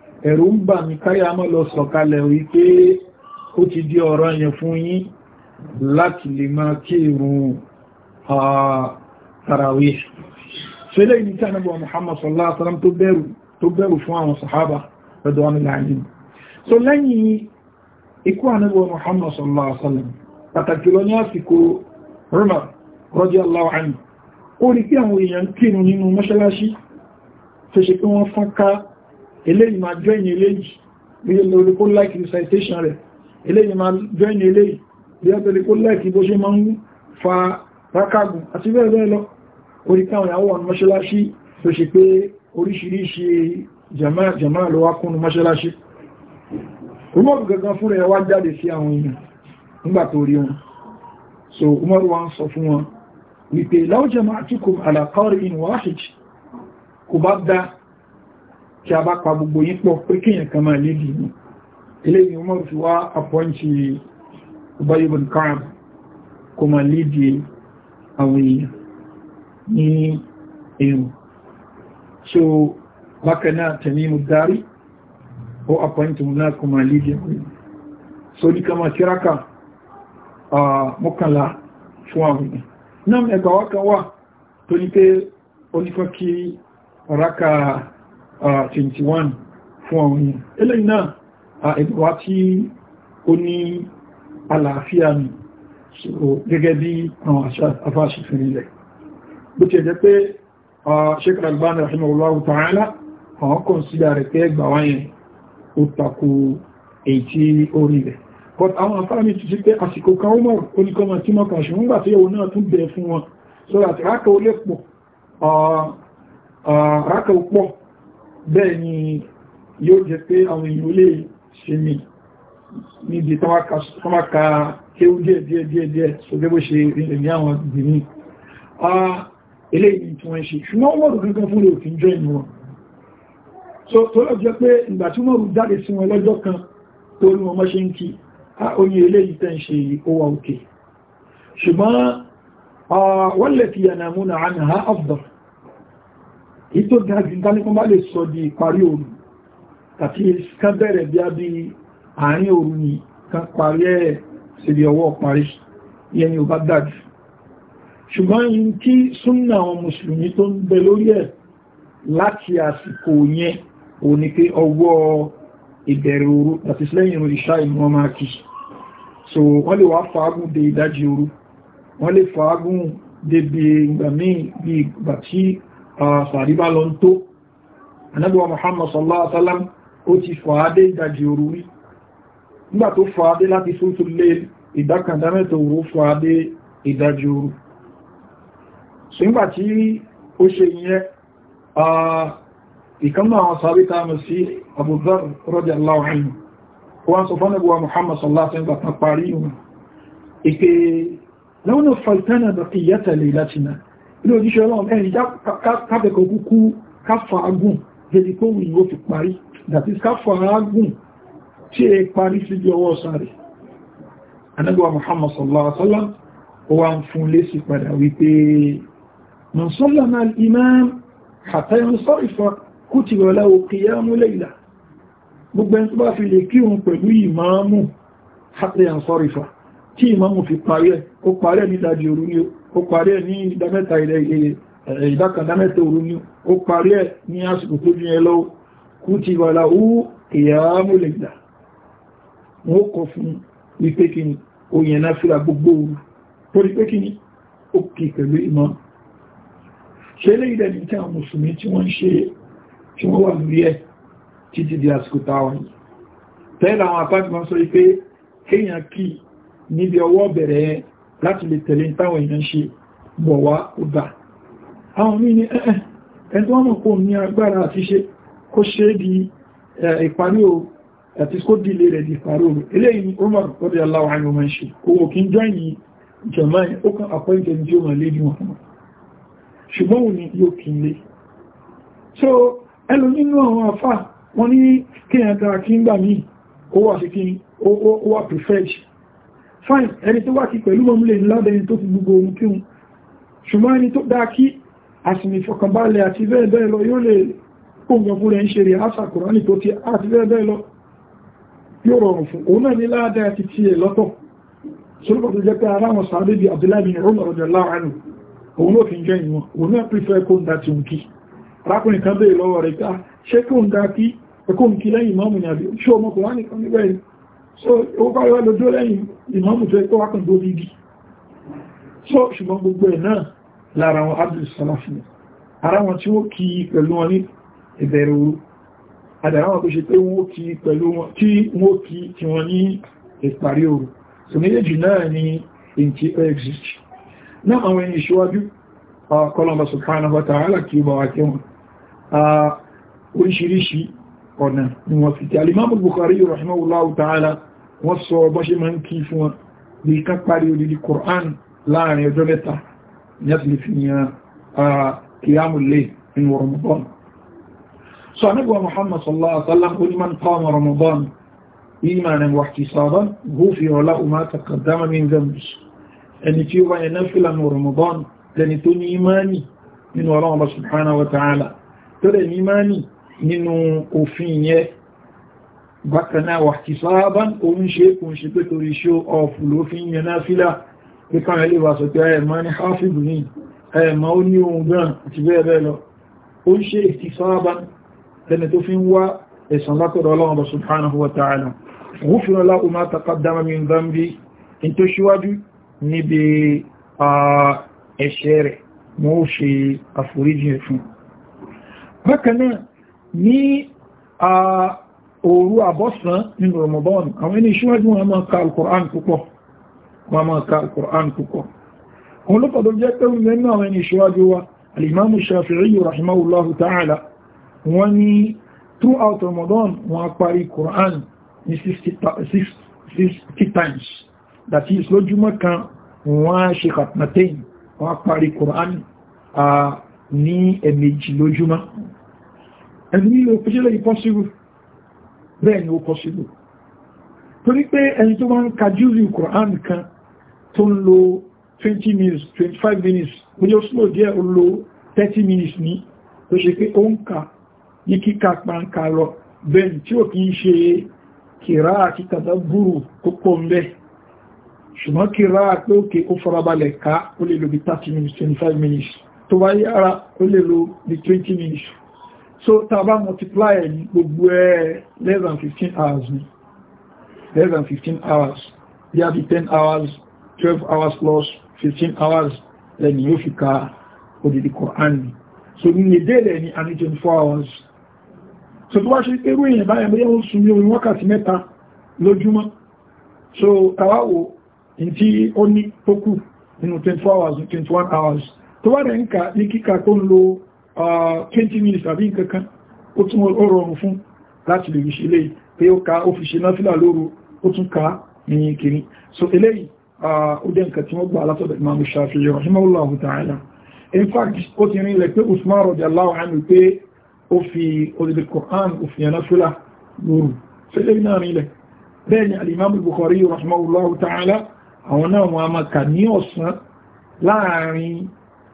ẹ̀rù ń bà mí káyà mọ́ lọ sọ̀kalẹ̀ wípé ó ti di ọ̀rọ̀ yẹn fún yín láti lè máa kí ìrun tàràwí ṣẹlẹ̀ ìní tí ànábì Muhammad sallallahu alaihi wasallam tó bẹ̀rù fún àwọn sàhábà rẹ̀dọ̀ wọn láàrin Muhammad sallallahu alaihi wasallam pàtàkì lọ ní àsìkò Umar radiyallahu anhu ó rí pé àwọn èèyàn kírun nínú eléyìí máa join eléyìí bí i lórí kó like recitation rẹ̀ eléyìí máa join eléyìí bí i lórí kó like bó ṣe máa ń fa rákàgùn àti bẹ́ẹ̀ bẹ́ẹ̀ lọ orí káwọn ìyàwó àwọn mọ́ṣáláṣí tó ṣe pé oríṣiríṣi jàmáà lọ so Umaru wá ń sọ fún wọn ala qari'in wahid kò kí a bá pa gbogbo yípo pé kíyàn kan máa lè dìí ilé ni umar fi wá àpọ́ǹtì Ubay ibn Ka'b kó máa lè dìí àwọn èèyàn ní èrò so bákanáà Tamimu Dari ó àpọ́ǹtì mú náà kó máa lè dìí àwọn so ní kama kíráka mọ́kànlá fún àwọn èèyàn náà ẹgbàwá kan wà tó ní pé onífọ́kí rákàá 21 fún àwọn yìí eléyìí náà ẹ̀dùwá tí ó ní àlàáfíà ni gẹ́gẹ́ bí àwọn afáṣìfin ilẹ̀ bó ti ẹ̀jẹ́ pé Sheikh Al-Albani ta'ala àwọn kan sí ààrẹ pé ẹgbà wáyẹn ó takò èyí tí ó rí rẹ̀ but àwọn afáàmì ti sí pé àsìkò kan ó mọ̀ oníkọmọ̀ tí rákà ó pọ̀ bẹ́ẹ̀ ni yóò jẹ pé àwọn èèyàn lè ṣe mi níbi tán wá ka kéwú díẹ̀ díẹ̀ díẹ̀ díẹ̀ so gẹ́gbó ṣe rinlẹ̀ ní àwọn ìgbìmí eléyìí tí ṣùgbọ́n wọ́n rùn fún òfin jọ ìmú wọn so tó lọ jẹ́ pé ìgbà tí wọ́n rùn jáde sí wọn lọ́jọ́ kan tó ní wọn mọ́ṣe ń kí oní eléyìí tẹ́ ń èyí tó dájú ìdánikún bá lè sọ di ìparí òru tàbí kan bẹ̀rẹ̀ bí a bí àárín òru ni kan parí ẹ̀ sí bí ọwọ́ parí yẹni ò bá dájú ṣùgbọ́n yìí kí súnnà àwọn mùsùlùmí tó ń bẹ lórí ẹ̀ láti àsìkò yẹn ò ní pé ọwọ́ ìbẹ̀rẹ̀ òru àti sílẹ̀yìn so wọ́n lè wá fàágùn dé ìdájí òru wọ́n lè fàágùn sàríbá lọ tó anábíwa Muhammad sallallahu alaihi wasallam ó ti fàádé ìdajì òru rí nígbà tó fàádé láti sútù lé ìdákàndámẹ́tò òru fàádé ìdajì òru so nígbà tí ó ṣe ìyẹn ìkánná àwọn sàríta mọ̀ sí Abu Dharr radiyallahu anhu wọ́n sọ fọ́nà buwa Muhammad sallallahu alaihi wasallam parí wọn ike lọ́nà ilé òjíṣẹ́ ọlọ́run ẹni já kábẹ̀kọ̀ kúkú káfà agùn jẹ́dì tó wù yóò fi parí dàtí káfà agùn tí è parí sí bí ọwọ́ sáré anẹ́gbà Muhammad sallallahu alaihi wasallam ó wá ń fún lésì padà wípé man sallama al-imam hatta yansarifa kutiba lahu qiyamu layla gbogbo ẹni tó bá fi lè kírun pẹ̀lú ìmáàmù hatta yansarifa tí ìmáàmù fi parí ẹ̀ ó parí ẹ̀ nídàájí orú ó parí ẹ̀ ní ìdámẹ́ta ilẹ̀ ìdákadámẹ́ta òru ní ó parí ẹ̀ ní àsìkò tó jú ẹ lọ kú ti wàlá ó kìyàmù lè wọ́n kọ fún wípé kí ni ó yẹn náà fíra gbogbo òru tó rí pé kí ni ó kì pẹ̀lú ìmọ̀ ṣe lè ìdẹ̀ ní àwọn mùsùlùmí tí wọ́n ń ṣe tí wọ́n wà lórí ẹ̀ títí di àsìkò táwọn yìí tẹ́lẹ̀ àwọn apá láti lè tẹ̀lé táwọn èèyàn ṣe bọ̀ wá ọ̀dà àwọn mí ní ẹ̀ẹ́ ẹni tó wọ́n mọ̀ kó ní agbára àti ṣe kó ṣe di ìparí o àti kó dìlé rẹ̀ di ìparí o eléyìí ni Umar rọ́dí aláwọ̀ ayọ̀ máa ń ṣe owó kí ń jọ́yìn jẹ̀máì ó kàn ni yóò kí ń fine ẹni tó wá kí pẹ̀lú mọ́múlẹ̀ ńládẹni tó fi gbogbo ohun kí hun ṣùgbọ́n ẹni tó dáa kí àsìmì ìfọ̀kànbalẹ̀ àti bẹ́ẹ̀ bẹ́ẹ̀ lọ yóò lè kóǹgàn fún rẹ̀ ń ṣe rẹ̀ àṣà kùránì tó ti àti bẹ́ẹ̀ bẹ́ẹ̀ lọ yóò rọrùn fún òun náà ní ládẹ́ àti ti ẹ̀ lọ́tọ̀ sọ́lọ́pọ̀ tó jẹ́ pé ara wọn so ó bá yọ́ lójú lẹ́yìn ìmọ́mù tó ẹkọ́ wákan so ṣùgbọ́n gbogbo ẹ̀ náà lára wọn abdul salafi ara wọn tí ó kí pẹ̀lú wọn ní ìbẹ̀rẹ̀ òru àdàrà wọn tó ṣe pé wọ́n kí pẹ̀lú wọn tí wọ́n kí tí wọ́n ní ìparí so méjèèjì náà ni in ti exist náà àwọn ẹni ìṣíwájú kọlọmbà subhanahu wa ta'ala kí ó bá wá kẹwọn oríṣiríṣi ọ̀nà ni wọ́n fi tí alimamul Bukhari rahimahullahu ta'ala wọ́n sọ bọ́ ṣe máa ń kí fún wọn bí ká parí odidi Qur'an láàrin ọjọ́ mẹ́ta ní àtìlẹ̀ fi yan kìyàmù lè nínú Ramadan so anábọ̀ Muhammad sallallahu alaihi wasallam ó ní man qama Ramadan imanan wa ihtisaban ghufira lahu ma taqaddama min dhanbi ẹni tí ó bá yẹn náfìlà ní Ramadan lẹni tó ní imani nínú Ọlọ́run subhanahu wa ta'ala tó lè ní imani nínú òfin yẹn bákanáà wà tí sáábán òun ṣe kùn ṣe pé torí ṣó ọ̀fù ló fi ń yẹn náà fílà pé káwọn ilé wa sọ pé ẹ̀mọ́ ní hafibu ní ẹ̀mọ́ ó ní ohun gan àti bẹ́ẹ̀ bẹ́ẹ̀ lọ ó ń sáábán lẹ́ni tó fi ń wá ẹ̀sàn látọ̀dọ̀ ọlọ́run له ما تقدم من ذنبي in tó ṣíwájú níbi ẹ̀ṣẹ̀ rẹ̀ mọ́ ó ṣe àforíjì fún òru àbọ́sán nínú Ramadan àwọn ẹni ìṣíwájú wọn máa ka al-Qur'an púpọ̀ wọn máa ka al-Qur'an púpọ̀ wọn ló pàdó jẹ́ pé wọn nínú àwọn ẹni ìṣíwájú wa al-Imam Shafi'i rahimahullahu ta'ala wọ́n times that is lójúmọ́ kan wọ́n ṣe kàtàtẹ́yìn wọ́n parí Qur'an ní ẹ̀mejì lójúmọ́ ẹni ló pẹ́jẹ́lẹ̀ impossible bẹ́ẹ̀ ni ó pọ́sílù torí pé ẹni tó máa ń ka júzì Kùránì kan tó ń lo 20 minutes 25 minutes bóyá ó slow díẹ̀ ó lo 30 minutes ní tó ṣe pé ó ń ka ní kíkà pàǹkà lọ bẹ́ẹ̀ tí ó kì í ṣe kìrá àti tàdábùrù tó pọ̀ ń bẹ́ẹ̀ ṣùgbọ́n kí rá pé òkè ó farabalẹ̀ ká ó lè lo 30 minutes 25 minutes tó bá yára ó lè lo 20 minutes so tàbá multiply ẹ̀yìn gbogbo ẹ̀ less than 15 hours ni less than 15 hours bí a bí 10 hours 12 hours plus 15 hours lẹ́ni yóò fi ka odidi Quran ni so ní èdè rẹ̀ ni a ní 24 hours so tó wá ṣe irú èèyàn báyẹ̀ mẹ́rin ó sun ní orin wákàtí mẹ́ta lójúmọ́ so tàwáwò in tí ó ní tó kù nínú 24 hours 21 hours tó wá rẹ̀ ń kà ní kíkà tó ń lo 20 ah, minutes àbí nkankan ó tún ọrọ̀rùn fún láti lè rí ṣe léyìí pé ó ká ó fi ṣe náfílà lóru ó tún ká ní kìíní so eléyìí ah, ó jẹ́ nǹkan tí wọ́n gbà látọ̀dọ̀ Imam Shafi'i rahimahullahu ta'ala in fact ó ti rí rẹ̀ pé Usman radiyallahu anhu pé ó fi odidi Qur'an ó fi náfílà lóru so eléyìí náà rí rẹ̀ bẹ́ẹ̀ ni al-Imam Bukhari rahimahullahu ta'ala àwọn náà wọn a máa kà ní ọ̀sán láàrin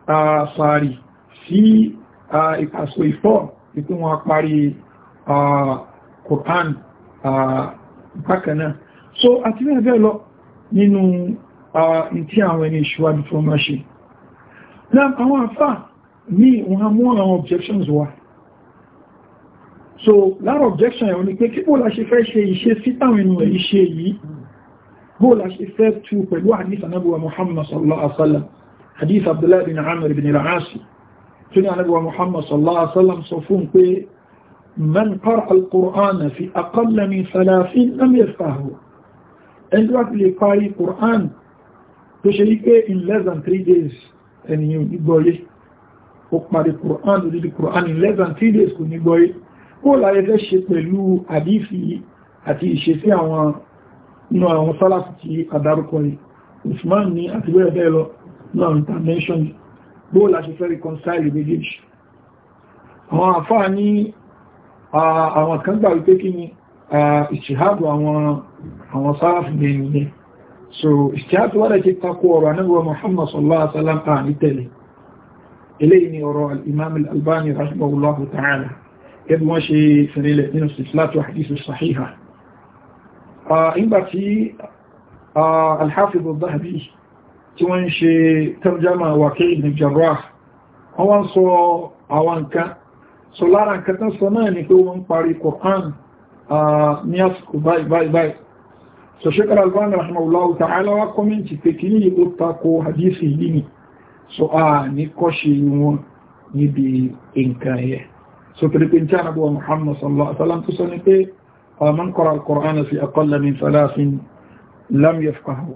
ah, sàárì sí ìkàṣò ìfọ́ ìpé wọn parí Quran bákanáà so àti bẹ́ẹ̀ bẹ́ẹ̀ lọ nínú ìtí àwọn ẹni ìṣíwájú tó máa ṣe náà àwọn àfá ní wọ́n mú àwọn objections wá so lára objection ẹ̀wọ̀n ni pé kí bóòlá ṣe fẹ́ ṣe iṣẹ́ sítáwọn ẹnu èyí ṣe yìí bóòlá ṣe fẹ́ tú pẹ̀lú hadith anábúwa Muhammad sallallahu Abdullah bin Amr bin al tí ní anábíwa muhammad sallallahu alaihi wasallam sọ fún pé man qara al-qur'ana fi aqalla min thalathin lam yafqahu ẹni wá fi lè parí Qur'an tó ṣe wípé in less than three days ènìyàn nígbọ́yé ó parí Qur'an lórí Qur'an in less than three days kò nígbọ́yé ó láyé fẹ́ ṣe pẹ̀lú àdífi àti ìṣesí àwọn inú tí àdárúkọ yìí Usman ní àti bẹ́ẹ̀ bẹ́ẹ̀ lọ náà intervention bóò la ṣe fẹ́ reconcile méjèèjì àwọn àfáà ní àwọn kan gbà wípé kí ni ìṣìhádù àwọn sáàfì nìyẹn so ìṣìhádù wọ́n ti takò ọ̀rọ̀ anábíwá Muhammad sallallahu alaihi wasallam ta ní tẹ̀lé eléyìí ni ọ̀rọ̀ al-Imam al-Albani rahimahullahu ta'ala yẹ́bí wọ́n ṣe fìrìlẹ̀ nínú sísílátù hadithu sahiha ìgbà tí al-Hafiz al-Dhahabi tí wọ́n ń ṣe tarjama Waqi' ibn Jarrah wọ́n wá ń sọ àwọn nǹkan so lára nǹkan tán sọ náà ni pé wọ́n ń parí Qur'an ní àsìkò báyìí báyìí so Shaykh al-Albani rahimahullahu ta'ala wá kọ́mẹ́ntì pé kí ní ó tako hadisi yìí ni so a ní kọ́ṣe wọn níbi nǹkan yẹ so pẹ̀lú tí a nàbọ̀ Muhammad sallallahu alaihi tó sọ ni pé man qara'a al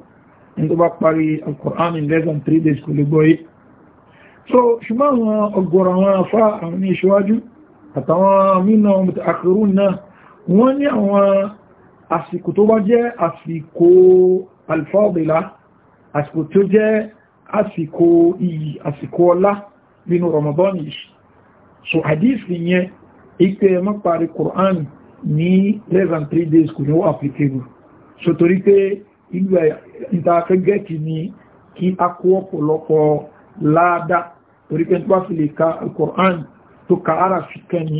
ní tó bá parí alkùránì less than three days kò lè gbọ́ yìí so ṣùgbọ́n àwọn ọgọ̀rọ̀ àwọn afá àwọn ní ìṣíwájú àtàwọn mínà mutaakhirun náà wọ́n ní àwọn àsìkò tó bá jẹ́ àsìkò alfadila àsìkò tó jẹ́ àsìkò iyì àsìkò ọlá nínú Ramadan yìí so hadith yẹn ipe ẹmọ́ parí Qur'an ní less than days kò ní so torí pé ìlú ìtàkẹ́gẹ́kì ni kí a kó ọ̀pọ̀lọpọ̀ láàdá torípẹ́ tó bá fi lè ka alkọ̀án tó ka ara fi kẹni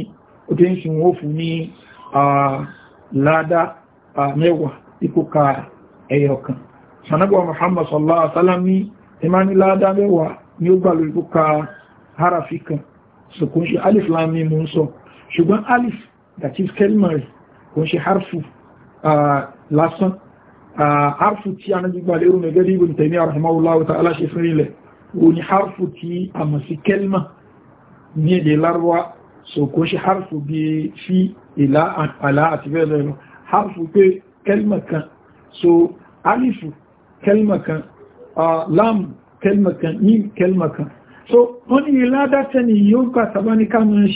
ó tẹ́ ń sin wọ́n fún ní láàdá mẹ́wàá ipò ka ẹyọkan Muhammad sallallahu alaihi wasallam ni imani láàdá mẹ́wàá ni ó ka ara fi kan alif láàmì mú ń alif that is kelmary kò ń ṣe harfu lásán Ah, harfu tí a náà gbígbà lérò mẹ́gẹ́ rí ibùn tẹ̀mí àrùnmáwòláwò ta aláṣẹ fún ilẹ̀ o ní harfu tí a mọ̀ sí kelma ní èdè larwa so kò ṣe harfu bí fi ìlà àlá àti bẹ́ẹ̀ lọ harfu pé kelma kan so alifu kelma kan ah, lam kelma kan mim kelma kan so wọ́n ni ládá tẹ́ni yóò gbà tàbá ní ká mọ̀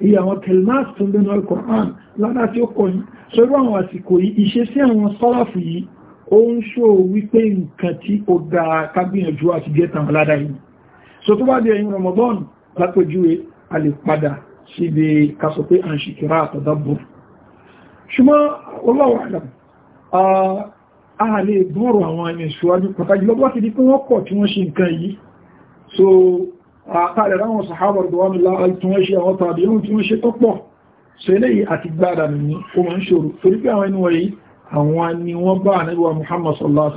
iye àwọn kelmas tó ń bẹ́nu al-Qur'an ládá tí ó kọ́ yìí sọ́rọ̀ àwọn àsìkò yìí iṣẹ́ sí àwọn sọ́láfù yìí ó ń ṣó wípé nǹkan tí ó ga kágbìyànjú àti gẹ́ta wọn yìí so tó bá di ẹ̀yìn Ramadan lápẹjúwe a lè padà síbi kásọ pé à ń ṣìkìrá àtọ̀dábọ̀ ṣùgbọ́n Allahu a'lam a lè gbọ́rọ̀ àwọn ẹ̀yìn ìṣúwájú pàtàkì lọ́gbọ́ ti di pé wọ́n pọ̀ tí wọ́n so àkàrẹ̀ ráwọn sàhábàr dọ́wàmílá tí wọ́n ṣe àwọn tàbí ohun tí wọ́n ṣe tọ́pọ̀ sẹ́lẹ̀ àti gbára nìyí o ma ń ṣòro torí pé àwọn ẹniwọ̀ yìí àwọn ni wọ́n bá ànẹ́gbà Muhammad sallallahu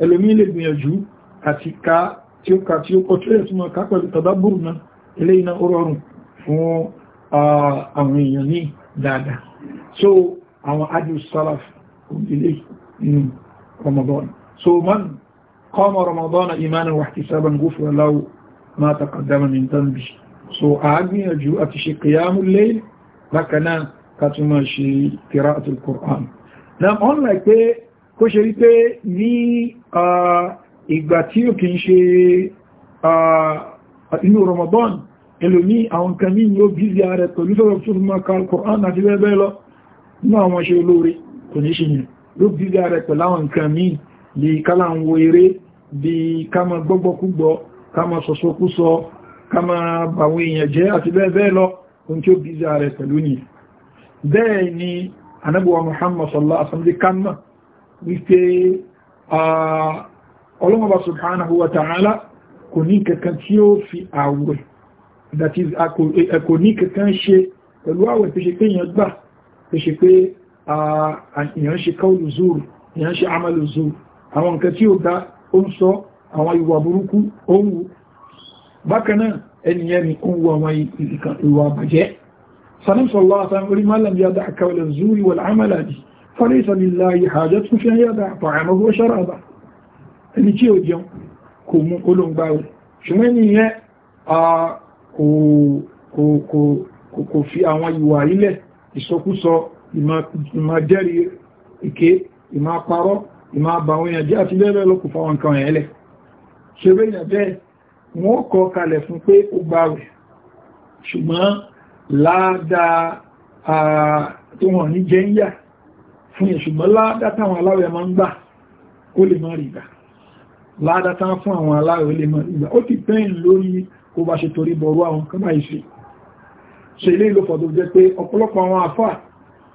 ẹlòmí lè gbìyànjú àti ká tí ó kà tí ó kọ̀tí ẹ̀ súnmọ́ ká pẹ̀lú tàbábùrù náà ilé iná orọrùn fún àwọn èèyàn ní dáadáa so àwọn adìs salaf ilé inú Ramadan so man qama Ramadan imanan wa ihtisaban ghufira lahu ma takàdáma min tánbí so a gbìyànjú àti ṣe qiyamul layl bákanáà ká tún máa ṣe qira'atul Qur'an na unlike pé kó ṣe rí pé ní ìgbà tí ó kìí ṣe inú Ramadan ẹlòmí àwọn kan ní yóò bízi ààrẹ pẹ̀lú sọ́rọ̀ tó fún maka al-Qur'an àti bẹ́ẹ̀bẹ́ẹ̀ lọ ní àwọn ṣe olóore kò ní ṣe yẹn yóò bízi ààrẹ pẹ̀lú kan ní bí kálà ń wo eré bí kama gbọ́gbọ́kúgbọ́ kama sọ̀sọ́kúsọ kama bàwọn èèyàn jẹ́ àti bẹ́ẹ̀bẹ́ẹ̀ lọ ohun tí ó Muhammad sallallahu alaihi wasallam ọlọ́mọba subhanahu wa ta'ala kò ní kankan tí ó fi àwẹ̀ that is e, e, kò ní kankan ṣe pẹ̀lú àwẹ̀ tó ṣe pé èyàn gbà tó ṣe pé èyàn ṣe kọ́ọ̀lù zuru èyàn ṣe amalu zuru àwọn nǹkan tí ó dá ó ń sọ àwọn ìwà burúkú ó ń wù bákanáà ẹniyẹn ni ó ń wù àwọn ìwà bàjẹ́ sanin sallallahu ẹni tí ó jẹun kò mú olóngbáwẹ̀ ṣùgbọ́n ní ìyẹn kò fi àwọn ìwà ilẹ̀ ìsọkúsọ ìmá jẹ́rì ìké ìmá parọ́ ìmá àbàwọn èèyàn jẹ́ àti lẹ́rẹ́ lọ́kù fáwọn nǹkan ẹ̀ẹ́lẹ̀ ṣeré èèyàn bẹ́ẹ̀ wọ́n kọ kalẹ̀ fún pé ó gbáwẹ̀ ṣùgbọ́n láàdáa tí ládátá fún àwọn aláwẹ̀ lè mọ̀ ìgbà ó ti pẹ́yìn lórí kó bá ṣe torí bọ̀rú àwọn kan bá ìṣe ṣe ilé ìlòpọ̀ tó jẹ́ pé ọ̀pọ̀lọpọ̀ àwọn àfà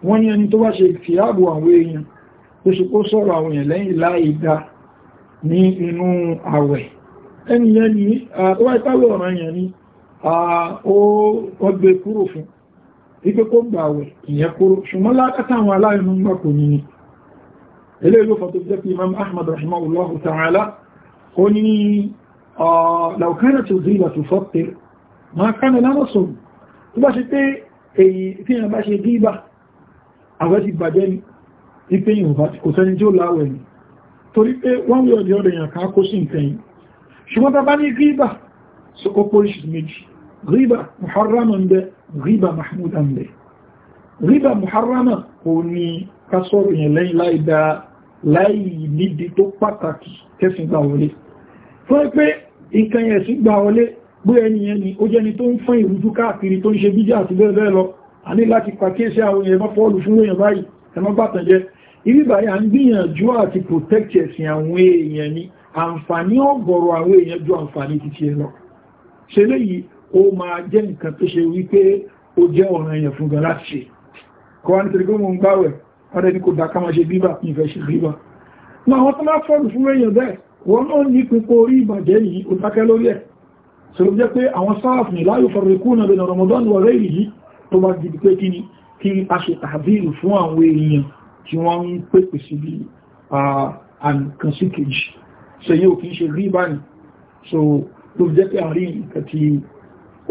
wọ́n ní ẹni tó bá ṣe ìfìyàbò àwọn èèyàn ni tó wá ìpàwẹ̀ ọ̀ràn yẹn ni ó gbé kúrò fún ipé kó gbà àwẹ̀ ìyẹn kúrò ṣùgbọ́n lákàtà àwọn aláìmú gbà kò ní ilé ìlòpọ̀ tó jẹ́ pé Imam Ahmad rahimahullahu ta'ala ó ní laukana tó zílà tó fọ́pẹ̀ ma kánà lánàsùn tó bá ṣe pé èyí tí a bá ṣe gíbà àwọn ti bàjẹ́ ní ipé yìnbá kò sẹ́ni tí ó láwẹ̀ ní torí pé wọ́n wí ọ̀dẹ̀ ọ̀dẹ̀ yàn ká kó sí nǹkan yìí ṣùgbọ́n ta bá ní gíbà sí oporish méjì gíbà muharrama tó ń pé nǹkan yẹn gbà wọlé bó ẹni yẹn ni ó jẹni tó ń fún ìrújú káàkiri tó ń ṣe bídí àti bẹ́ẹ̀ bẹ́ẹ̀ lọ a ní láti pàkíyèsí àwọn èèyàn fọ́ọ̀lù fún èèyàn báyìí ẹmọ́ gbàtànjẹ́ ibi báyìí à ń gbìyànjú àti ni àǹfààní ọ̀gọ̀rọ̀ àwọn èèyàn ju àǹfààní títí ẹ lọ ṣe léyìí ó máa jẹ́ nǹkan tó ṣe wípé ó jẹ́ ọ̀ràn èèyàn fún gan láti ṣe ń wọ́n náà ní pípò orí ìbàjẹ́ yìí ó dákẹ́ lórí ẹ̀ so ló jẹ́ pé àwọn sáàfì láyò fọ̀rẹ̀kúnà lè Ramadan wọ̀ rẹ̀ yìí tó bá di pé kí ni kí a ṣe tàbílù fún àwọn èèyàn tí wọ́n ń pèpè sí bí àǹkan so yóò kí ṣe rí báyìí so ló jẹ́ pé àrí nǹkan tí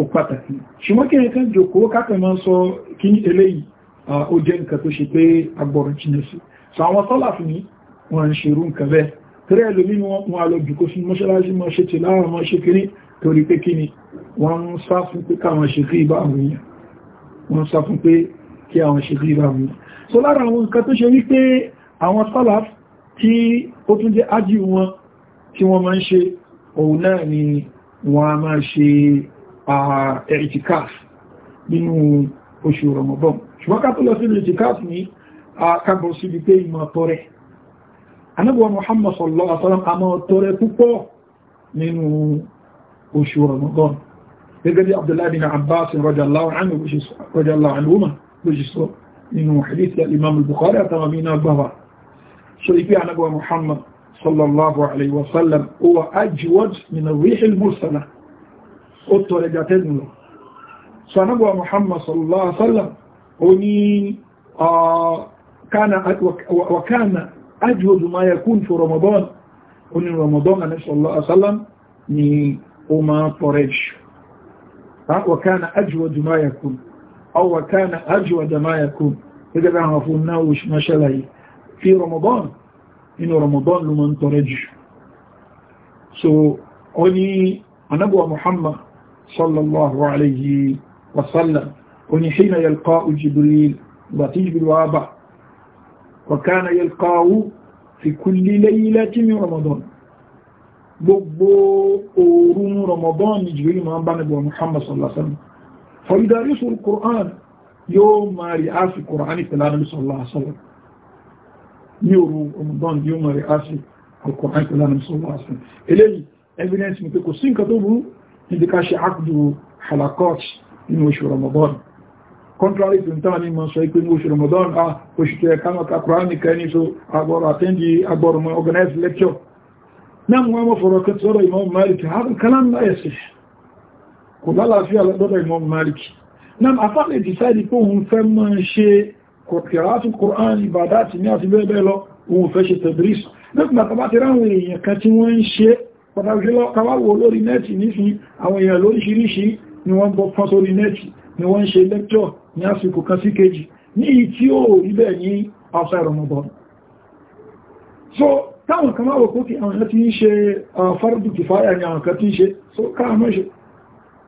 ó pàtàkì ṣùgbọ́n kí ẹ̀kan jòkó kápẹ̀ máa sọ kí ní ṣe pé torí ẹlòmí wọn alọ jùkó sí mọ́ṣálásí mọ́ ṣe tìláwà mọ́ ṣe kiri torí pé kíni wọ́n ń sá fún pé káwọn ṣe kí ìbá àwọn èèyàn wọ́n sá fún pé kí àwọn ṣe kí ìbá àwọn èèyàn so lára àwọn nǹkan tó ṣe wípé àwọn salaf tí ó tún jẹ́ ájì wọn tí wọ́n máa ń ṣe òun náà ni wọ́n a máa ṣe ẹ̀rìtìkáf nínú oṣù Ramadan ṣùgbọ́n ká tó lọ sí ẹ̀rìtìkáf ní àkàbọ̀ síbi pé ìmọ̀ tọrẹ anábọ̀ Muhammad sallallahu alaihi wasallam a máa tọrẹ púpọ̀ nínú oṣù Ramadan gẹ́gẹ́ bí Abdullahi bin Abbas radiyallahu anhu lójí sọ nínú hadith al-Imam al-Bukhari àtàwọn mìíràn gbàwà so ipi anábọ̀ Muhammad sallallahu alaihi wasallam huwa ajwad min ar-rih al-mursala ó tọrẹ jàtẹ́gùn lọ so anábọ̀ Muhammad sallallahu alaihi wasallam ó ní وكان ah, ajúwòdù máa yẹ kún fún Ramadan oní Ramadan a nẹ́sọ̀lọ́ asálám ni ó máa pọ̀rẹ̀ṣù wàkánà ajúwòdù máa yẹ kún aw wàkánà ajúwòdù máa yẹ kún gẹ́gẹ́ bá àwọn fún náà oṣù mọ́ṣẹ́láyé fi Ramadan inú Ramadan ló máa ń pọ̀rẹ̀ṣù so ó ní anábọ̀ Muhammad sallallahu alayhi wasallam ó ní hina yalqa Jibril bàtí Jibril wà bá wọ̀kánà yẹlkọ́wú fi kulli laylatin min Ramadan gbogbo oorun Ramadan ni Jibril ma ń bá nígbà Muhammad sallallahu alaihi wasallam fọ̀yídarísù Qur'an yóò máa rí áṣì Qur'an ìtìlánàbí sallallahu alaihi wasallam ní òru Ramadan yóò máa rí áṣì Qur'an ìtìlánàbí sallallahu alaihi wasallam eléyìí evidence mi pé kò sí nǹkan tó burú níbi contrary to nta ah, ni mo sọ pé ní oṣù Ramadan a oṣù tó ẹ̀ka náà kakura nìkan ẹni so agbọ̀rọ̀ àtẹ́ndì agbọ̀rọ̀ mọ́ organized lecture náà wọ́n mọ́ fọ̀rọ̀ kan Imam Malik àrùn kalam náà ẹ̀sẹ̀ kò la lọ́dọ̀ Imam Malik náà afáàlẹ̀ decide pé òun fẹ́ mọ́ ṣe kọ̀kìrátù Qur'an ìbàdá àti ní àti bẹ́ẹ̀ bẹ́ẹ̀ lọ òun fẹ́ ṣe tadris nígbà tàbá ti ráwọn èèyàn kan tí wọ́n ń ṣe pàtàkì lọ kawáwò lórí nẹ́ẹ̀tì nífi àwọn èèyàn ni wọ́n bọ́ ni wọ́n ń ṣe lecture ní àsìkò kan sí kejì ní ì tí ó rí bẹ́ẹ̀ ní outside Ramadan so táwọn kan máa wò kókè àwọn kan tí ń ṣe uh, fardu kìfáyà ni àwọn kan tí ń ṣe so káà mọ́ ṣe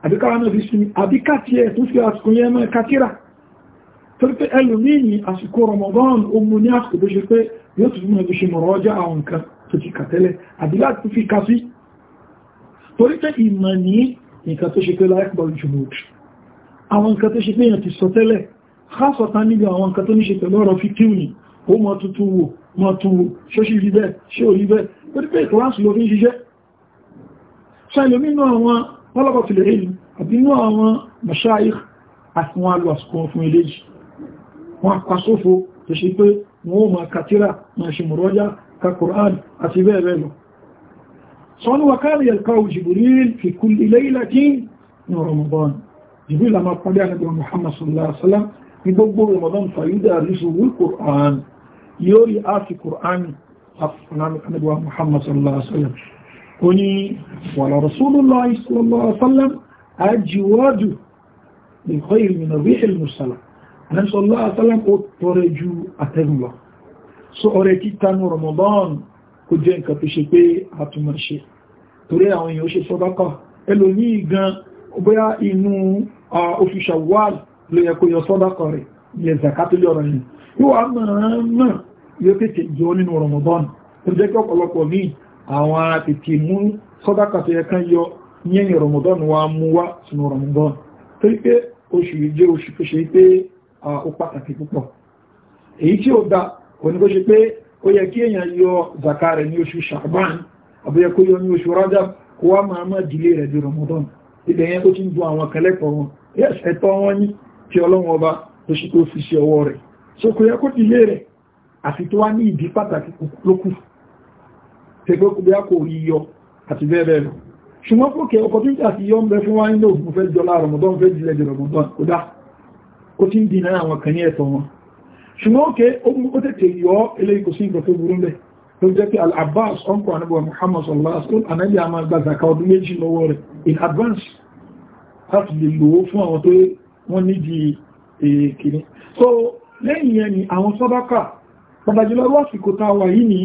àbí káà náà fi sinmi àbí káàtì ẹ̀ tó fi àsìkò Ramadan ó mú ní àsìkò tó ṣe pé yóò tún mọ́ ṣe mọ̀rọ̀ ọjà àwọn kan tó ti kàtẹ́lẹ̀ àbí láti láìpọ̀ jùmọ̀ òtù àwọn nǹkan tó ṣe pé èyàn ti sọ tẹ́lẹ̀ káàsọ̀tán níbi àwọn nǹkan tó ní ṣe pẹ̀lú ọ̀rọ̀ fíkíù ní ó mọ́ tuntun wò mọ́ tún wò ṣó ṣì rí bẹ́ẹ̀ ṣé ò rí bẹ́ẹ̀ ó ti pé ìkọ̀láṣì ló fi ń ṣiṣẹ́ ṣẹlòmínú àwọn wọ́lọ́kọ̀tìlẹ̀ èlú àbínú àwọn mọ̀ṣáìk àti wọn alù àsìkò fún eléjì ní Ramadan jìbí ìlàmà pàdé ànàbí Muhammad sallallahu alaihi wasallam ní gbogbo Ramadan fàyídà ríṣù wí Qur'an yóò rí áti Qur'an ànàbí Muhammad sallallahu alaihi wasallam ó ní wàlá Rasulullah sallallahu alaihi wasallam ajíwájú lè kọ́ ìrìnà rí ìlmùsàlá ànàbí sallallahu alaihi wasallam ó tọrẹ ju àtẹ́gùn lọ so ọrẹ kíta ní Ramadan kò jẹ́ nǹkan tó ṣe pé àtúmọ̀ ṣe torí àwọn èèyàn oṣù ṣàwọ́l ló yẹ kó yọ sọ́dọ̀kọ̀ rẹ̀ yẹ zakatulẹ̀ ọ̀rọ̀ yìí yóò wá mọ̀rànmọ̀ tètè yọ nínú Ramadan tó jẹ́ kí ọ̀pọ̀lọpọ̀ ní àwọn tètè mú sọ́dọ̀kọ̀ tó yẹ Ramadan wa mú Ramadan tó yí pé oṣù yìí jẹ́ oṣù tó ṣe pé ó pàtàkì púpọ̀ èyí tí ó da kò ní kó kí èèyàn yọ máa dìlé rẹ̀ di Ramadan ibẹ̀ yẹn tó ti ń du àwọn kẹlẹ́kọ̀ọ́ wọn yes ẹ̀tọ́ wọn ní tí ọlọ́run ọba tó ṣe tó fi ṣe ọwọ́ rẹ̀ so kò yẹ kó ti lé rẹ̀ àfi tó wá ní ìdí pàtàkì lókù tẹgbẹ́ kò bíá kò rí yọ àti bẹ́ẹ̀ bẹ́ẹ̀ lọ ṣùgbọ́n kò kẹ ọkọ̀ tó ń tàbí yọ ń bẹ fún wáyé náà mo fẹ́ jọlá rọmọdán fẹ́ jìlẹ̀ jẹ rọmọdán kò dá ó ti ń dìnnà àwọn kan ní ẹ̀tọ́ wọn ṣùgbọ́n kẹ ó tètè yọ eléyìí kò sí nǹkan tó burú bẹ́ẹ̀ tó jẹ́ pé al-abbas ọkọ̀ anábọ̀ muhammad sallallahu alaihi wasallam anábí a máa gba zaka ọdún méjì lọ́wọ́ rẹ̀ in advance láti lè lòó fún àwọn tó wọ́n nídi èkìní e, so lẹ́yìn yẹn ni àwọn sàdákà pàtàkì lọ́wọ́ àsìkò tá wà yìí ni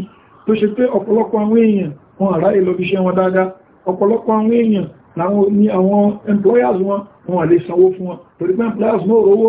tó ṣe pé ọ̀pọ̀lọpọ̀ àwọn èèyàn wọn àrá ìlọ́bíṣẹ́ wọn dáadáa ọ̀pọ̀lọpọ̀ àwọn èèyàn ni àwọn employers wọn wọn àlè sanwó fún wọn torí pé employers náà rówó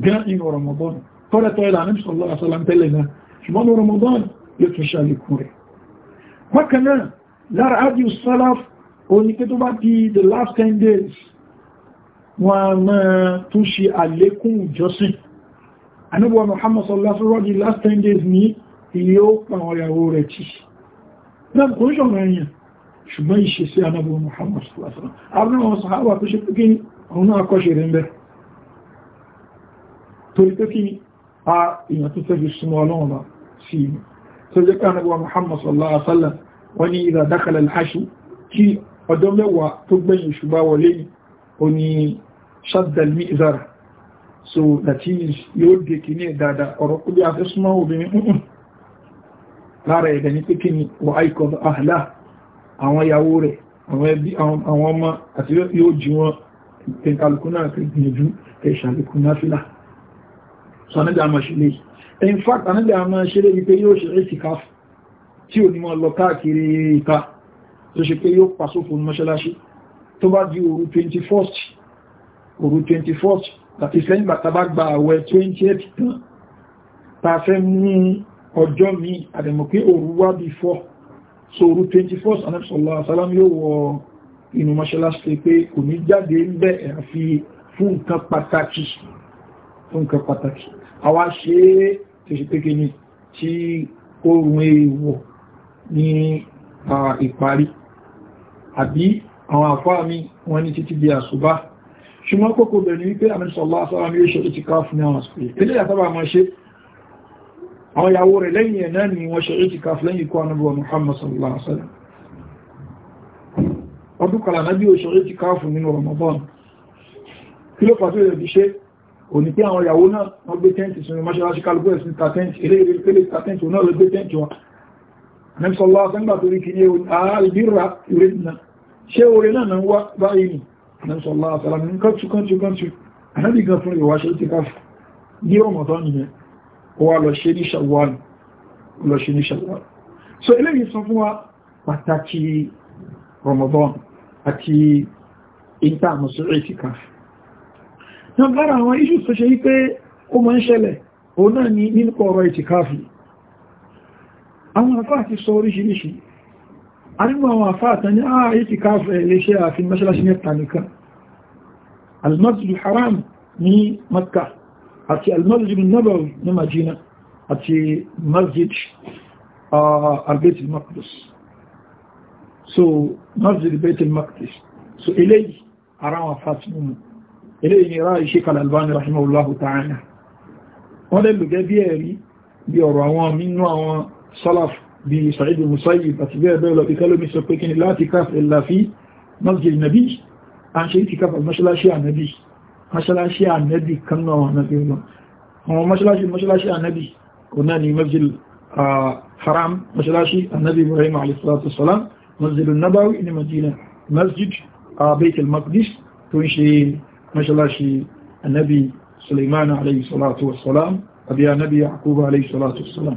gan inú Ramadan tọ́rẹtọ́ ilẹ̀ àníbì sallallahu alaihi wasallam tẹ́lẹ̀ náà ṣùgbọ́n ní Ramadan yóò tún ṣàlékún rẹ̀ bákanáà lára ájú salaf oníkẹ́ tó bá di the last 10 days wọn a máa tún ṣe àlékún ìjọsìn àníbì Muhammad sallallahu alaihi wasallam di last 10 days ní iye ó pàwọn ìyàwó rẹ̀ tí náà kò ń ṣọ̀rọ̀ ẹ̀yàn ṣùgbọ́n ìṣesí àníbì Muhammad sallallahu alaihi wasallam torí pé kí a èèyàn tó tẹ́jú súnmọ́ ọlọ́run bá sí i tó jẹ́ pé anábíwá muhammad sallallahu alaihi wasallam wọ́n ní idha dakhala al kí ọjọ́ mẹ́wàá tó gbẹ̀yìn oṣù wọlé o ní shaddal so that is yóò dé kí ní dáadáa ọ̀rọ̀ kú bí a fẹ́ súnmọ́ obìnrin mm, mm. lára ẹ̀dẹ̀ ní pé kí ni wà áìkọ̀ àhàlá àwọn ìyàwó náà pẹ̀gbìyànjú ẹ̀ṣàlùkú so anábì a máa ṣe lè in fact anábì a máa ṣe lè wípé yóò ṣe itikaf tí ò ní mọ́ lọ káàkiri ìta tó ṣe pé yóò pàṣọ fún mọ́ṣáláṣí tó bá di òru 21st òru 21st àti sẹ́yìn bàtà bá gba àwẹ̀ 28 tán ta fẹ́ mú ọjọ́ mi àdẹ̀mọ̀ pé òru wá bí 4 so òru 21st anábì sallallahu alaihi wasallam yóò wọ inú mọ́ṣáláṣí pé kò ní jáde ń bẹ́ fún nǹkan pàtàkì fún nǹkan pàtàkì àwa ṣe é tó ṣe pékè ní tí oòrùn èèwọ̀ ní ìparí àbí àwọn àfáà mi wọ́n ní títí di àṣùbá ṣùgbọ́n kókò bẹ̀rẹ̀ wípé àmìsọ̀lá sára ní oṣù ni wọ́n ṣe Muhammad sallallahu alaihi wasallam ọdún kàlà náà bí oṣù ti ká fún nínú Ramadan kí ló pàtó ìrẹ̀ òní pé àwọn ìyàwó náà wọ́n gbé tẹ́ǹtì sínú mọ́ṣáláṣí kálùkù ẹ̀sìn tàtẹ́ǹtì eré eré pélé tàtẹ́ǹtì òun náà lọ gbé tẹ́ǹtì wọn nẹ́sọ̀lá sẹ́gbà torí kí ní ààbíra ìrẹ́ náà ṣé orí náà náà wá báyìí nẹ́sọ̀lá sàlámì ní kọ́tùkọ́tùkọ́tù ànábì gan fún so eléyìí sọ fún wa pàtàkì Ramadan àti náà lára àwọn issues tó ṣe yí pé ó máa ń ṣẹlẹ̀ ó náà ní nínú ọ̀rọ̀ ìtìkáfì àwọn àfáà ti sọ oríṣiríṣi a nínú àwọn àfáà tán ní àà ah, ìtìkáfì lè ṣe àfin mọ́ṣáláṣí mẹ́ta nìkan almasjid haram ní makka àti almasjid nabawi ní majina àti masjid ah, al-bayt so masjid al-bayt so eléyìí ara àwọn àfáà ti ilé ìnira Sheikh Al-Albani rahimahullahu ta'ala wọ́n lè lùgẹ́ bí ẹ̀rí bí ọ̀rọ̀ àwọn nínú àwọn salaf bí Sa'id al-Musayyib àti bẹ́ẹ̀ bẹ́ẹ̀ lọ ìkẹ́lómi sọ pé kí ni láti káf ìlàfí masjid nabi a ń ṣe ìtìkáf al-maqdis tó ń mọ́ṣálásí annabi suleiman alayhi salatu wassalam àbí annabi yaqub alayhi salatu wassalam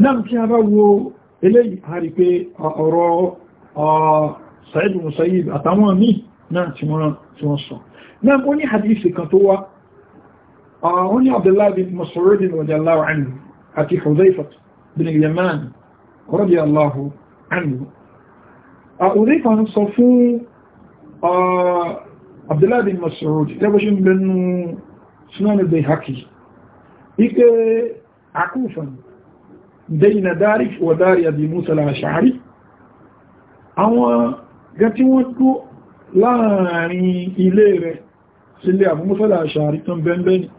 náà kí a bá wo eléyìí a rí pé ọ̀rọ̀ sa'id musayib àtàwọn míì náà tí wọ́n sọ náà ó ní hadisi kan tó wá ó ní abdullahi bin mas'ud radiyallahu anhu àti hudhayfah bin yaman radiyallahu anhu hudhayfah sọ fún abdullahi bin mas'ud tẹ́bọ̀ṣí ń bẹnu sunanu bayhaqi ike akúfan dẹ́yìnà dárí wa dárí àbí musa al-ash'ari àwọn gan tí wọ́n tó láàrin ilé rẹ̀ sílé àbú musa al-ash'ari tán bẹ́ẹ̀bẹ́ni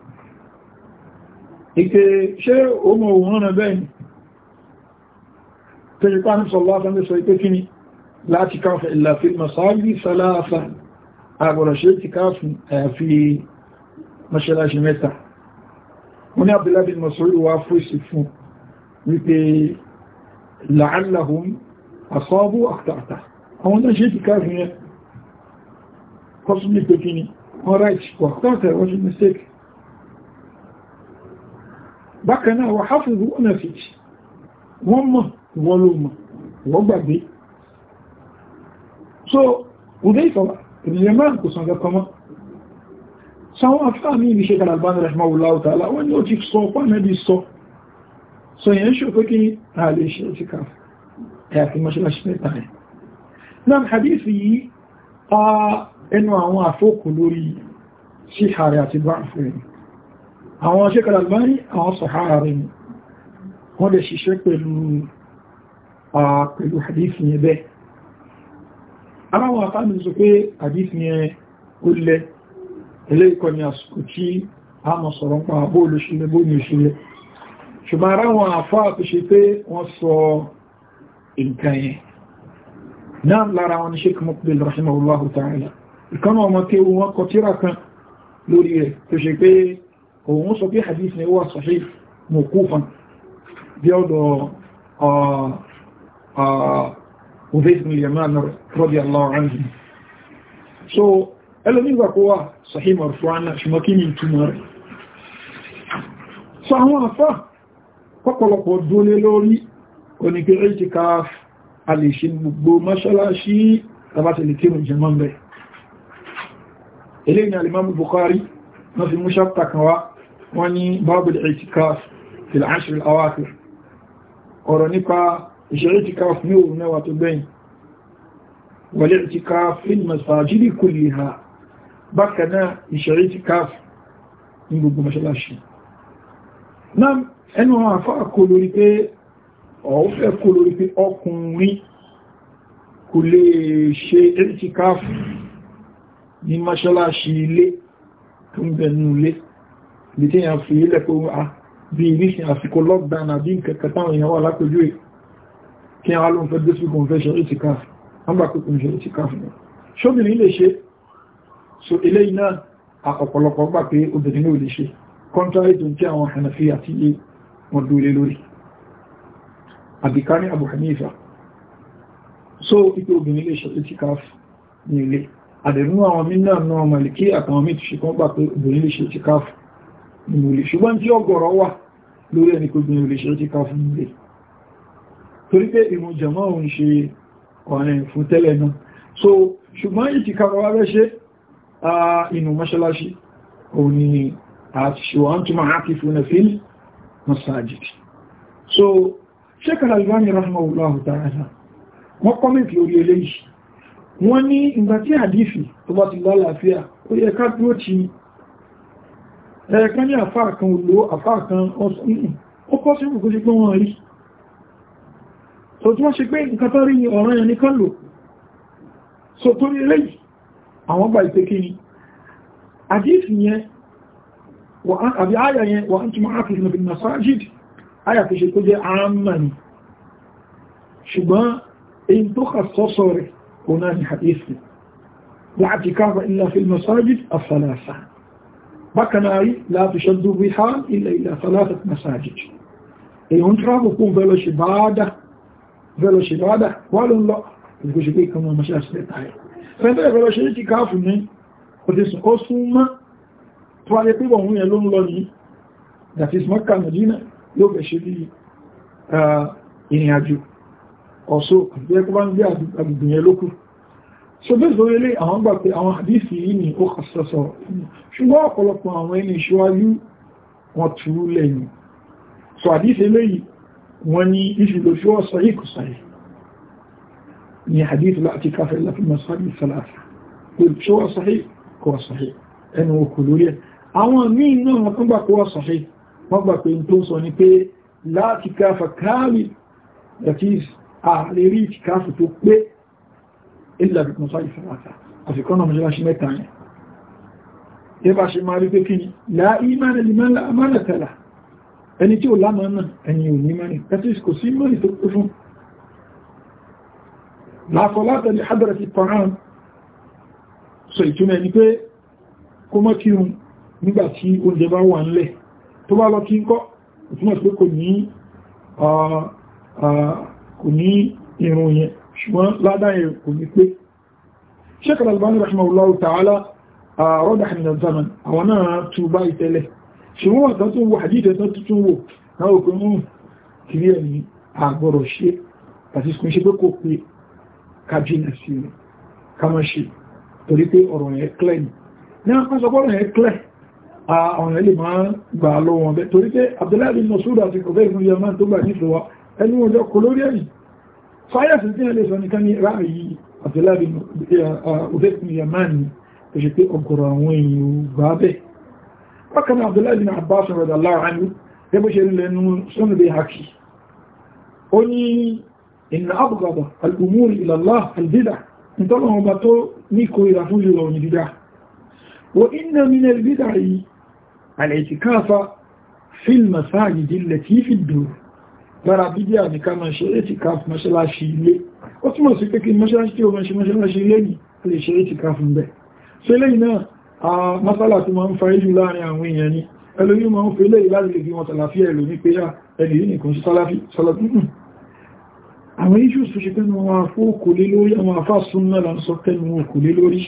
ike ṣe omo òhun bẹ́ẹ̀ni tẹ́jìká ní sọ láti káfẹ́ ìlàfil masáàbí sálàáfà أقول شيء كاف آه، في مشلا جميتا هنا عبد الله بن مسعود وافو يسفون ويقول لعلهم أصابوا أخطأتا هنا شيء كاف هنا قصمي بكيني هنا رأيت وأخطأتا وجد مستيك بكنا وحفظوا نفسي وما ظلوما وبعدي so وذي فلا ìbìyàn máa kò sàn kẹ́kọ́ mọ́ sáwọn afẹ́àmì ibi ṣe kàlàbánà rahimahullahu ta'ala wọ́n ni ó ti sọ pánàbí sọ sọ yẹn ṣe pé kí a lè ṣe ti ká ẹ̀yàfi mọ́ṣíláṣí mẹ́ta rẹ̀ náà hadith yìí a ẹnu àwọn àfókù lórí sí ààrẹ àti báńfẹ́rin àwọn ṣe kàlàbánì àwọn sọ̀hárà rẹ̀ wọ́n lè ṣiṣẹ́ pẹ̀lú hadith yẹn bẹ́ẹ̀ aláwọ̀ àtàmì sọ pé àdíf ni ẹ ó lẹ ilé ikọ̀ ni àsìkò tí a mọ̀ sọ̀rọ̀ ń pa bó olóṣèlú bó ní òṣèlú ṣùgbọ́n aráwọn àfá àtúnṣe wọn ni ta'ala ìkan ọmọ tí wọ́n kọ tíra kan lórí tó ṣe pé òun sọ pé hadith ni ó wà sahih mawqufan bí Ubayd bin Yaman radiyallahu anhu so ẹlòmígbà kó wà sahih marfu'an ṣùgbọ́n kí ni ìtumọ̀ rẹ̀ so àwọn àfá pọ́pọ̀lọpọ̀ dúnlé lórí onígbé itikaf a lè ṣe gbogbo mọ́ṣálásí tàbátẹ̀lẹ̀ kí mọ̀ jẹmọ́ rẹ̀ ilé ni alimamu Bukhari na fi múṣà ọ̀rọ̀ nípa ìṣẹ̀lẹ̀ ìtìkáf ní òun mẹ́wàá tó gbẹ̀yìn wọlé ìtìkáf fil masajidi kulliha bákanáà ìṣẹ̀lẹ̀ ìtìkáf ní gbogbo mọ́ṣálásí náà ẹnu àwọn àfáà kò lórí pé ọ̀ọ́fẹ́ kò lórí pé ọkùnrin kò lè ṣe ìtìkáf ní mọ́ṣálásí ilé tó ń bẹ̀nu ilé bí tí yàn fi ilẹ̀ kó wá ah, bí ìrísìn àsìkò lockdown àbí nǹkan kẹta àwọn èèyàn wà lápẹjú èkó kí a lóun fẹ́ gbé síkò fẹ́ ṣe itikaf wọ́n bá pípín ṣe itikaf ní ṣóbìnrin lè ṣe so ilé iná ọ̀pọ̀lọpọ̀ gbà pé obìnrin náà lè ṣe contrary to tí àwọn hanafi àti iye wọn dúró lórí àbíkárí Abu Hanifa so ipé obìnrin lè ṣe itikaf ní ilé àdẹ̀rún àwọn mínà náà Maliki àtàwọn mí ti ṣe kan gbà pé obìnrin lè ṣe itikaf ní ilé torí pé ìrun jẹ̀mọ́ òun ṣe ọ̀rìn fún tẹ́lẹ̀ náà so ṣùgbọ́n ìtìkàrọ̀ wá rẹ́ ṣe inú mọ́ṣálásí òun ni àṣìwọ̀n tó máa kí fún ẹ̀fíl masajid so Sheikh Al-Albani rahimahullahu ta'ala wọ́n kọ́mẹ̀tì orí eléyìí wọ́n ní ìgbà tí àdífì tó bá ti lálàáfíà ó yẹ ká dúró ti ẹ̀ẹ̀kan ní àfáà kan olówó àfáà kan ọ̀sán hmm, ó kọ́ sí ìgbòkó sí pé wọ́n rí so tí wọ́n ṣe pé nǹkan tó rí ọ̀ràn yẹn nìkan lò so tó rí eléyìí àwọn gbà ìpé kí ni àdíf yẹn àbí àyà yẹn wà ń túnmọ̀ ápùsù nàbí masajid àyà tó ṣe tó jẹ́ àmàni ṣùgbọ́n èyí tó kà sọ́sọ́ rẹ̀ kò náà ní àdífì láti káfà ilá fi masajid àfàlàsà bákanáàrí èyí ń tráfù kún bẹ́lọ̀ bá dáa bẹ́ẹ̀ lọ ṣe lọ́wọ́dà wà ló ń lọ ìgbò ṣe pé ìkànnà ọmọ ṣe àṣìlẹ̀ tààrẹ fẹ́ntẹ́ ìbẹ̀rẹ̀ ṣe ti káàfù ní òtìsùn ó sún mọ́ tó wáyé pípọ̀ òun yẹn ló ń lọ ní dàfis mọ́kà nàìjíríà yóò fẹ́ ṣe bí ìrìn àjò ọ̀ṣọ́ àbíẹ́kú bá ń gbé ni so àdísì eléyìí wọ́n ní ìṣìlò fi wọ́n sọ yìí kò sọ́yẹ̀ ni hadith láti káfẹ́ láti masáàbí sàlàfà kò ṣe wọ́n sọ́yẹ̀ kò sọ́yẹ̀ ẹnu okò lórí ẹ̀ àwọn míì náà wọ́n tún gbà kó wọ́n sọ́yẹ̀ wọ́n gbà pé tó sọ ni pé láti káfà káàlì that is ààrẹ rí ti tó pé ìlàbí masáàbí sàlàfà àfikọ́nà mọ́ṣáláṣí mẹ́ta yẹn yẹ́ bá ṣe máa rí pé kí ni láì mánà lè mánà tẹ́lá ẹni tí ó lámọ́ náà ẹni ò ní mẹ́rin ẹ̀tí kò sí mẹ́rin tó kú fún láàkọlátà lè hádàrà ti pàrán sọ ìtúnmẹ́ ni pé kó mọ́ kí un nígbàtí oúnjẹ bá wà nílẹ̀ tó bá lọ kí ń kọ́ ìtúnmọ̀ pé kò ní irun yẹn ṣùgbọ́n ládáyẹ kò ní pé ṣẹ́kàlá albani rahimahullahu ta'ala rọ́dà hannun zaman àwọn náà túbá ìtẹ́lẹ̀ ṣùgbọ́n àtọ́ tó wà jíjẹ tó tuntun wò náà òkun mú kiri ẹni àgbọ̀rọ̀ ṣe àti ṣkùn ṣe pé kò pé kájínà sí rẹ̀ kama ṣe torí pé ọ̀rọ̀ yẹn klẹ̀ ni náà pásọpọ̀rọ̀ yẹn klẹ̀ àwọn ilé máa gbà bin Masud àti kọfẹ́ ìfún yamá tó gbà nífẹ́ wa ẹni wọn jọ kò lè sọ bin Masud eh, ah, àti kọfẹ́ ìfún yamá ni ó ṣe gbà bẹ́ẹ̀ bákan náà Abdullahi bin Abbas radallahu anhu gẹ́gbẹ́ ṣe lẹ́nu sọ́nà bẹ́ haki ó ní ìnà abúgbàbà al'umuri ilallah albida ìtọ́lọ̀wọ̀n ọba tó ní kò ìrà fún ìrọ̀ òyìn dídá wọ iná nínú albida yìí al'aitikafa fil masajidi lati fi dùn lára bídí àníká ma ṣe aitikaf mọ́ṣáláṣí ilé ó túnmọ̀ sí pé ṣe masala tí ma ń fa ìlú láàrin àwọn èèyàn ni ẹlòmí ma ń fi lè láti lè fi wọn tàlàfí ẹlòmí pé yá ah, ẹni yìí nìkan sálàfí sálàtúnkùn hmm. àwọn iṣu tó ṣe pẹ́nu wọn afọ́ òkò lé lórí àwọn afá súnmọ́ là ń sọ pẹ́nu lé lórí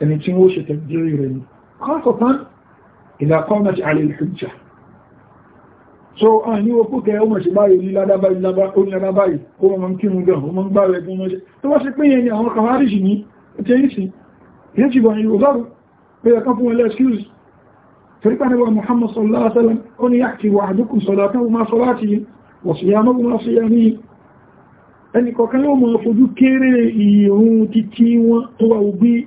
ẹni tí ó ṣe tẹ̀gbìrì rẹ̀ ni kọ́sọ̀tán ìlàkọ́mẹ́tì alẹ́ ìfẹ́jà so a ní opó kẹ ọmọ ṣe báyìí ní ládábáyìí báyìí kó mọ́ kírun gan ọmọ ń gbáwẹ̀ ẹgbẹ́ mọ́ṣẹ́ tó wá sí pé yẹn ni àwọn kàwárìṣì ní ẹjẹ́ ìsìn yẹn ti bọ̀nyí òzọ́rù pé ẹ̀kan fún ẹlẹ́ excuse torípa ní wa Muhammad sallallahu alaihi wasallam ó yóò mọ̀ fojú kéré ìrun títí wọn tó wà òbí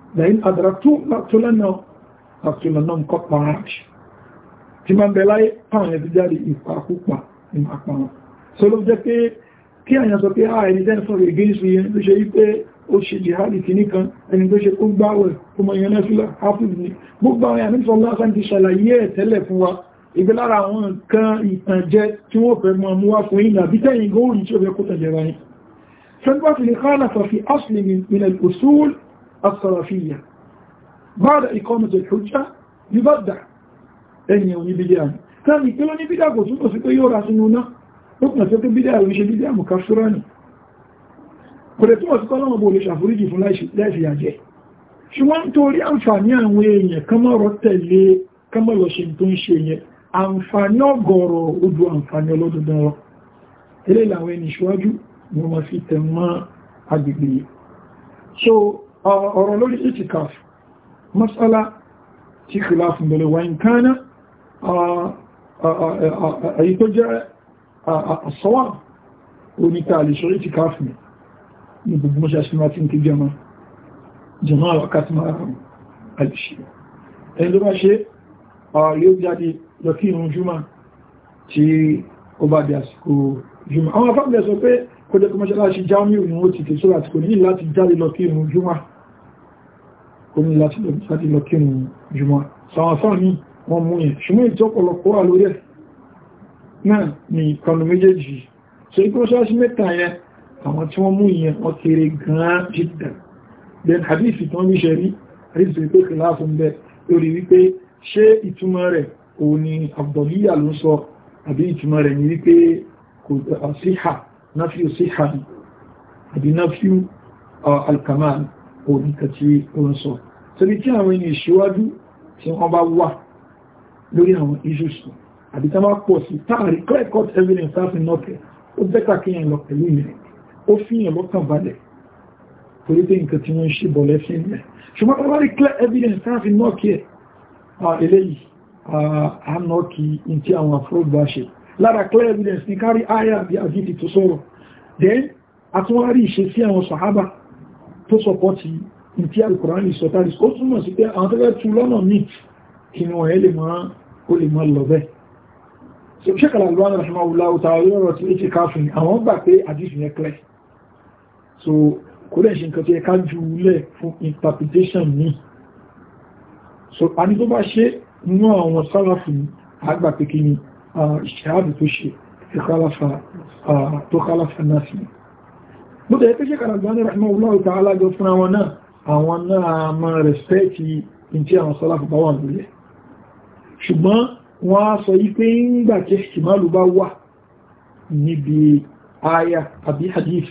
lẹ́yìn àdàràtú látúlẹ́nà àtúlẹ́nà ń kọ́pa ráṣì tí ma ń bẹ láyé pààyàn ti jáde ìpa púpà ní ma pa wọn so ló jẹ́ pé kí àyàn sọ pé àà ah, ẹni tẹ́lẹ̀ sọ̀rọ̀ ìgbésù yẹn ló ṣe wípé ó ṣe jihadi kìíní kan ẹni tó ṣe kó gbáwẹ̀ kó mọ yẹn lẹ́fílà áfíìsì ni gbogbo àwọn àmì sọ lásán ti ṣàlàyé ẹ̀ tẹ́lẹ̀ fún wa الصرفية بعد إقامة الحجة يبدع أن يوني بدعا ثاني كلاني بدعا قلت أسكو يورا سنونا ركنا سكو بدعا ويش بدعا مكفراني قلت أسكو لما بولي شافوريجي فلايش لا في عجيه ṣùgbọ́n torí àǹfààní àwọn èèyàn kan mọ́ rọ̀ tẹ̀lé kan mọ́ lọ ṣe tó ń ṣe yẹn àǹfààní ọgọ́rọ̀ ojú àǹfààní ọlọ́dọ̀dọ̀ wọn ilé ìlàwọ̀ ẹni ṣíwájú ni wọ́n fi so ọ̀rọ̀ lórí itikaf masala tí kìláfún bẹ̀lẹ̀ wà ní a àyí tó jẹ́ àṣọwà oníta àlèṣọ́ itikaf ní gbogbo mọ́ṣàṣínwá tí ń kí jẹma jẹma àwàkátí máa àlèṣẹ́ ẹni ló bá ṣe yóò jáde lọ kí ìrun júmà tí ó bá di àsìkò júmà àwọn afẹ́bẹ̀ẹ́ sọ pé kó jẹ́ kọmọ́ṣẹ́lá ṣe jámíù ni ó ti ní láti jáde lọ kí ìrun omi láti lọ sáti lọ kí ní jùmọ́ sàwọ̀sán ní wọ́n mú yẹn ṣùgbọ́n ìtọ́ ọ̀pọ̀lọpọ̀ wà lórí ẹ̀ náà ni ìkanu méjèèjì so ikú ṣáṣí mẹ́ta yẹn àwọn tí wọ́n mú yẹn wọ́n kéré gan-an jìdà then hadithi tán ní ṣe rí hadithi wípé kìláàfù ń bẹ lórí wípé ṣé ìtumọ̀ rẹ̀ òun ni abdọ̀líyà ló sọ àbí ìtumọ̀ rẹ̀ ni wípé kò síhà náfíù síhà àbí náfíù uh, alkamal oníkan tí ó ń sọ torí tí àwọn ènìyàn ṣíwájú tí wọ́n bá wà lórí àwọn issues àbí tá bá pọ̀ sí táàrí clear evidence láti nọ́kẹ̀ ó bẹ́ta kí yẹn lọ pẹ̀lú ìrìn ó fi yẹn lọ́kàn balẹ̀ torí pé nǹkan tí wọ́n ṣe bọ̀ lẹ́sìn a nọ́kì in tí àwọn afrogba ṣe lára clear evidence ní kárí aya bí àjíǹtì tó sọ̀rọ̀ then àtúnwárí ìṣesí àwọn sàhábà tó sọpọ́tì ìtí alukùránì sọtaris ó túnmọ̀ sí pé àwọn tẹ́lẹ̀ tún lọ́nà míì kí ni wọ́n lè máa ó lè máa lọ bẹ́ẹ̀ so ṣẹ́kàlà lọ́nà rahimahullahu ta'ala yọ̀rọ̀ tí ètì káfin àwọn gbà pé àdìsù yẹn clear so kò lè ṣe nǹkan tí ẹ ká ju lẹ̀ fún a ní tó ìṣẹ́ àbì tó ṣe tó náà sí bó tẹ̀ pé ṣẹ́kàrà gbáni rahimahullahu ta'ala jọ fún àwọn náà àwọn náà ma rẹ̀spẹ́kì tí àwọn sọ́láfù bá wà lórí ṣùgbọ́n wọ́n á sọ yí pé ń gbà kí ṣìmálù bá wà níbi aya àbí hadith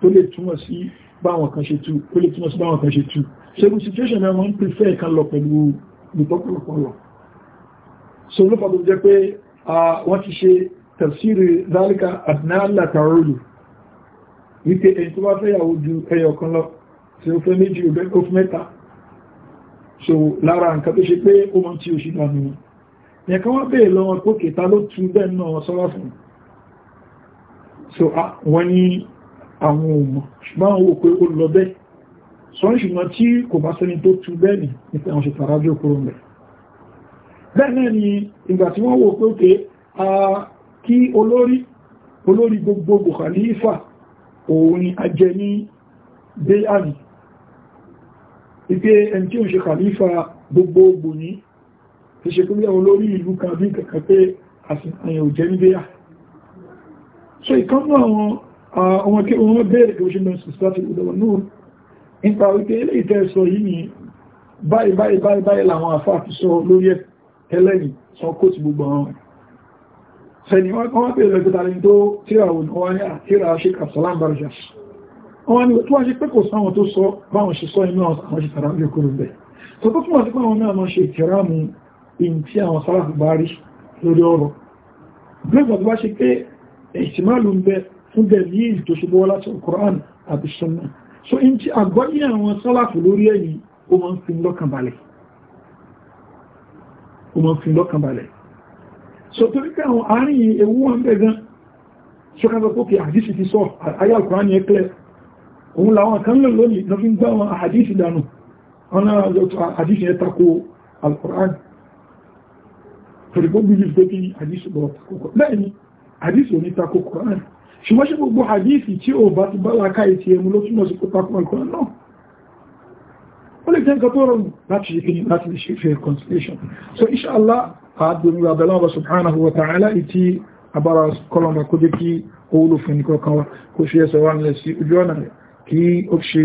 tó lè túmọ̀ sí báwọn kan ṣe tú tó lè túmọ̀ sí báwọn kan ṣe tú ṣegun situation náà wọ́n ń prefer kan lọ pẹ̀lú ìtọ́pọ̀lọpọ̀lọ so ló fàbọ̀ jẹ́ pé ah, wọ́n ti ṣe tafsiri zalika adnala tarolu wípé èyí tó bá fẹ́yàwó ju ẹyọ kan lọ tí ó fẹ́ méjì ó fẹ́ mẹ́ta so lára nǹkan tó ṣe pé ó mọ́ tí ó ṣì náà nìyàn yẹn kan wá bèèrè lọ́wọ́ pé kẹta ló tún bẹ́ẹ̀ náà sọ́wọ́ fún so wọ́n ní àwọn òmò ṣùgbọ́n owó pé ó lọ bẹ́ẹ̀ sọ́n ṣùgbọ́n tí kò bá sẹ́ni tó tún bẹ́ẹ̀ nì nípa àwọn ṣètàrà jò kúrò mẹ́ bẹ́ẹ̀ náà ni ìgbà tí wọ́n wò pé kí olórí gbogbo Khalifa òun ni a jẹ ní bayani ipé ẹni tí ó ṣe kàlífà gbogbogbò ní ti ṣe kúrò àwọn olórí ìlú kan bí kàkà pé àyàn òjẹ́ ní bayà so ìkánú àwọn ọmọ kí wọ́n bẹ̀rẹ̀ kí ó ṣe mẹ́rin sọ́sọ́tì ìdọ̀wọ̀ náà nípa wípé ilé ìtẹ́ sọ yìí ni báyìí báyìí báyìí làwọn àfáà fi sọ lórí ẹlẹ́yìn sọ kó ti gbogbo àwọn sẹni wọ́n kọ́ wọ́n bèèrè lọ́gbẹ̀ta lè tó tíra òun wọ́n ní àtíra sheik absalam barjas wọ́n ni tó wá ṣe pé kò sáwọn tó sọ báwọn ṣe sọ inú àwọn ṣe tàrà lè kúrò bẹ̀ tó tó túnmọ̀ sí pé àwọn náà Qur'an àti so in tí àgbọ́yé àwọn sálàfù lórí ẹ̀yìn ó máa ń fi lọ́kàn so torí pé àwọn àárín ewu wọn bẹ̀ gan ṣọ́kàtọ̀ àdíṣì ti sọ àyà Al-Qur'an ní ẹ̀kẹ́ òun làwọn kan lè lónìí lọ fi ń gbá wọn àdíṣì dànù ọ̀nà àdíṣì ẹ̀ tako Al-Qur'an torí gbogbo ìlú pé kí ni àdíṣì òní tako Qur'an ṣùgbọ́n ṣe gbogbo àdíṣì tí ò bá ti bá Al-Qur'an náà ó lè jẹ́ nǹkan tó rọrùn láti ṣe láti ṣe fair consultation so inṣàlá àádọ́nù àbẹ̀lọ́wọ̀ subhanahu wa ta'ala ìtí abára kọlọ̀mà kó jẹ́ kí owó fún ní kọ̀ọ̀kan wa kó ṣe ẹsẹ̀ wá nílẹ̀ sí ojú ọ̀nà rẹ̀ kí ó ṣe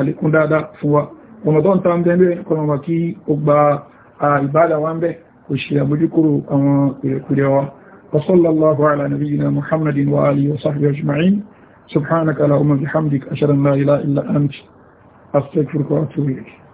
àlékún dáadáa fún wa ọmọdọ́n ta ń bẹ́ẹ̀ kọlọ̀mà kí ó gba ìbádà wa ń bẹ́ kó ṣe àbójúkúrò àwọn ìrẹ̀kúrẹ́ wa وصلى الله على نبينا محمد وآله وصحبه أجمعين سبحانك اللهم بحمدك أشهد able to إله إلا أنت أستغفرك وأتوب إليك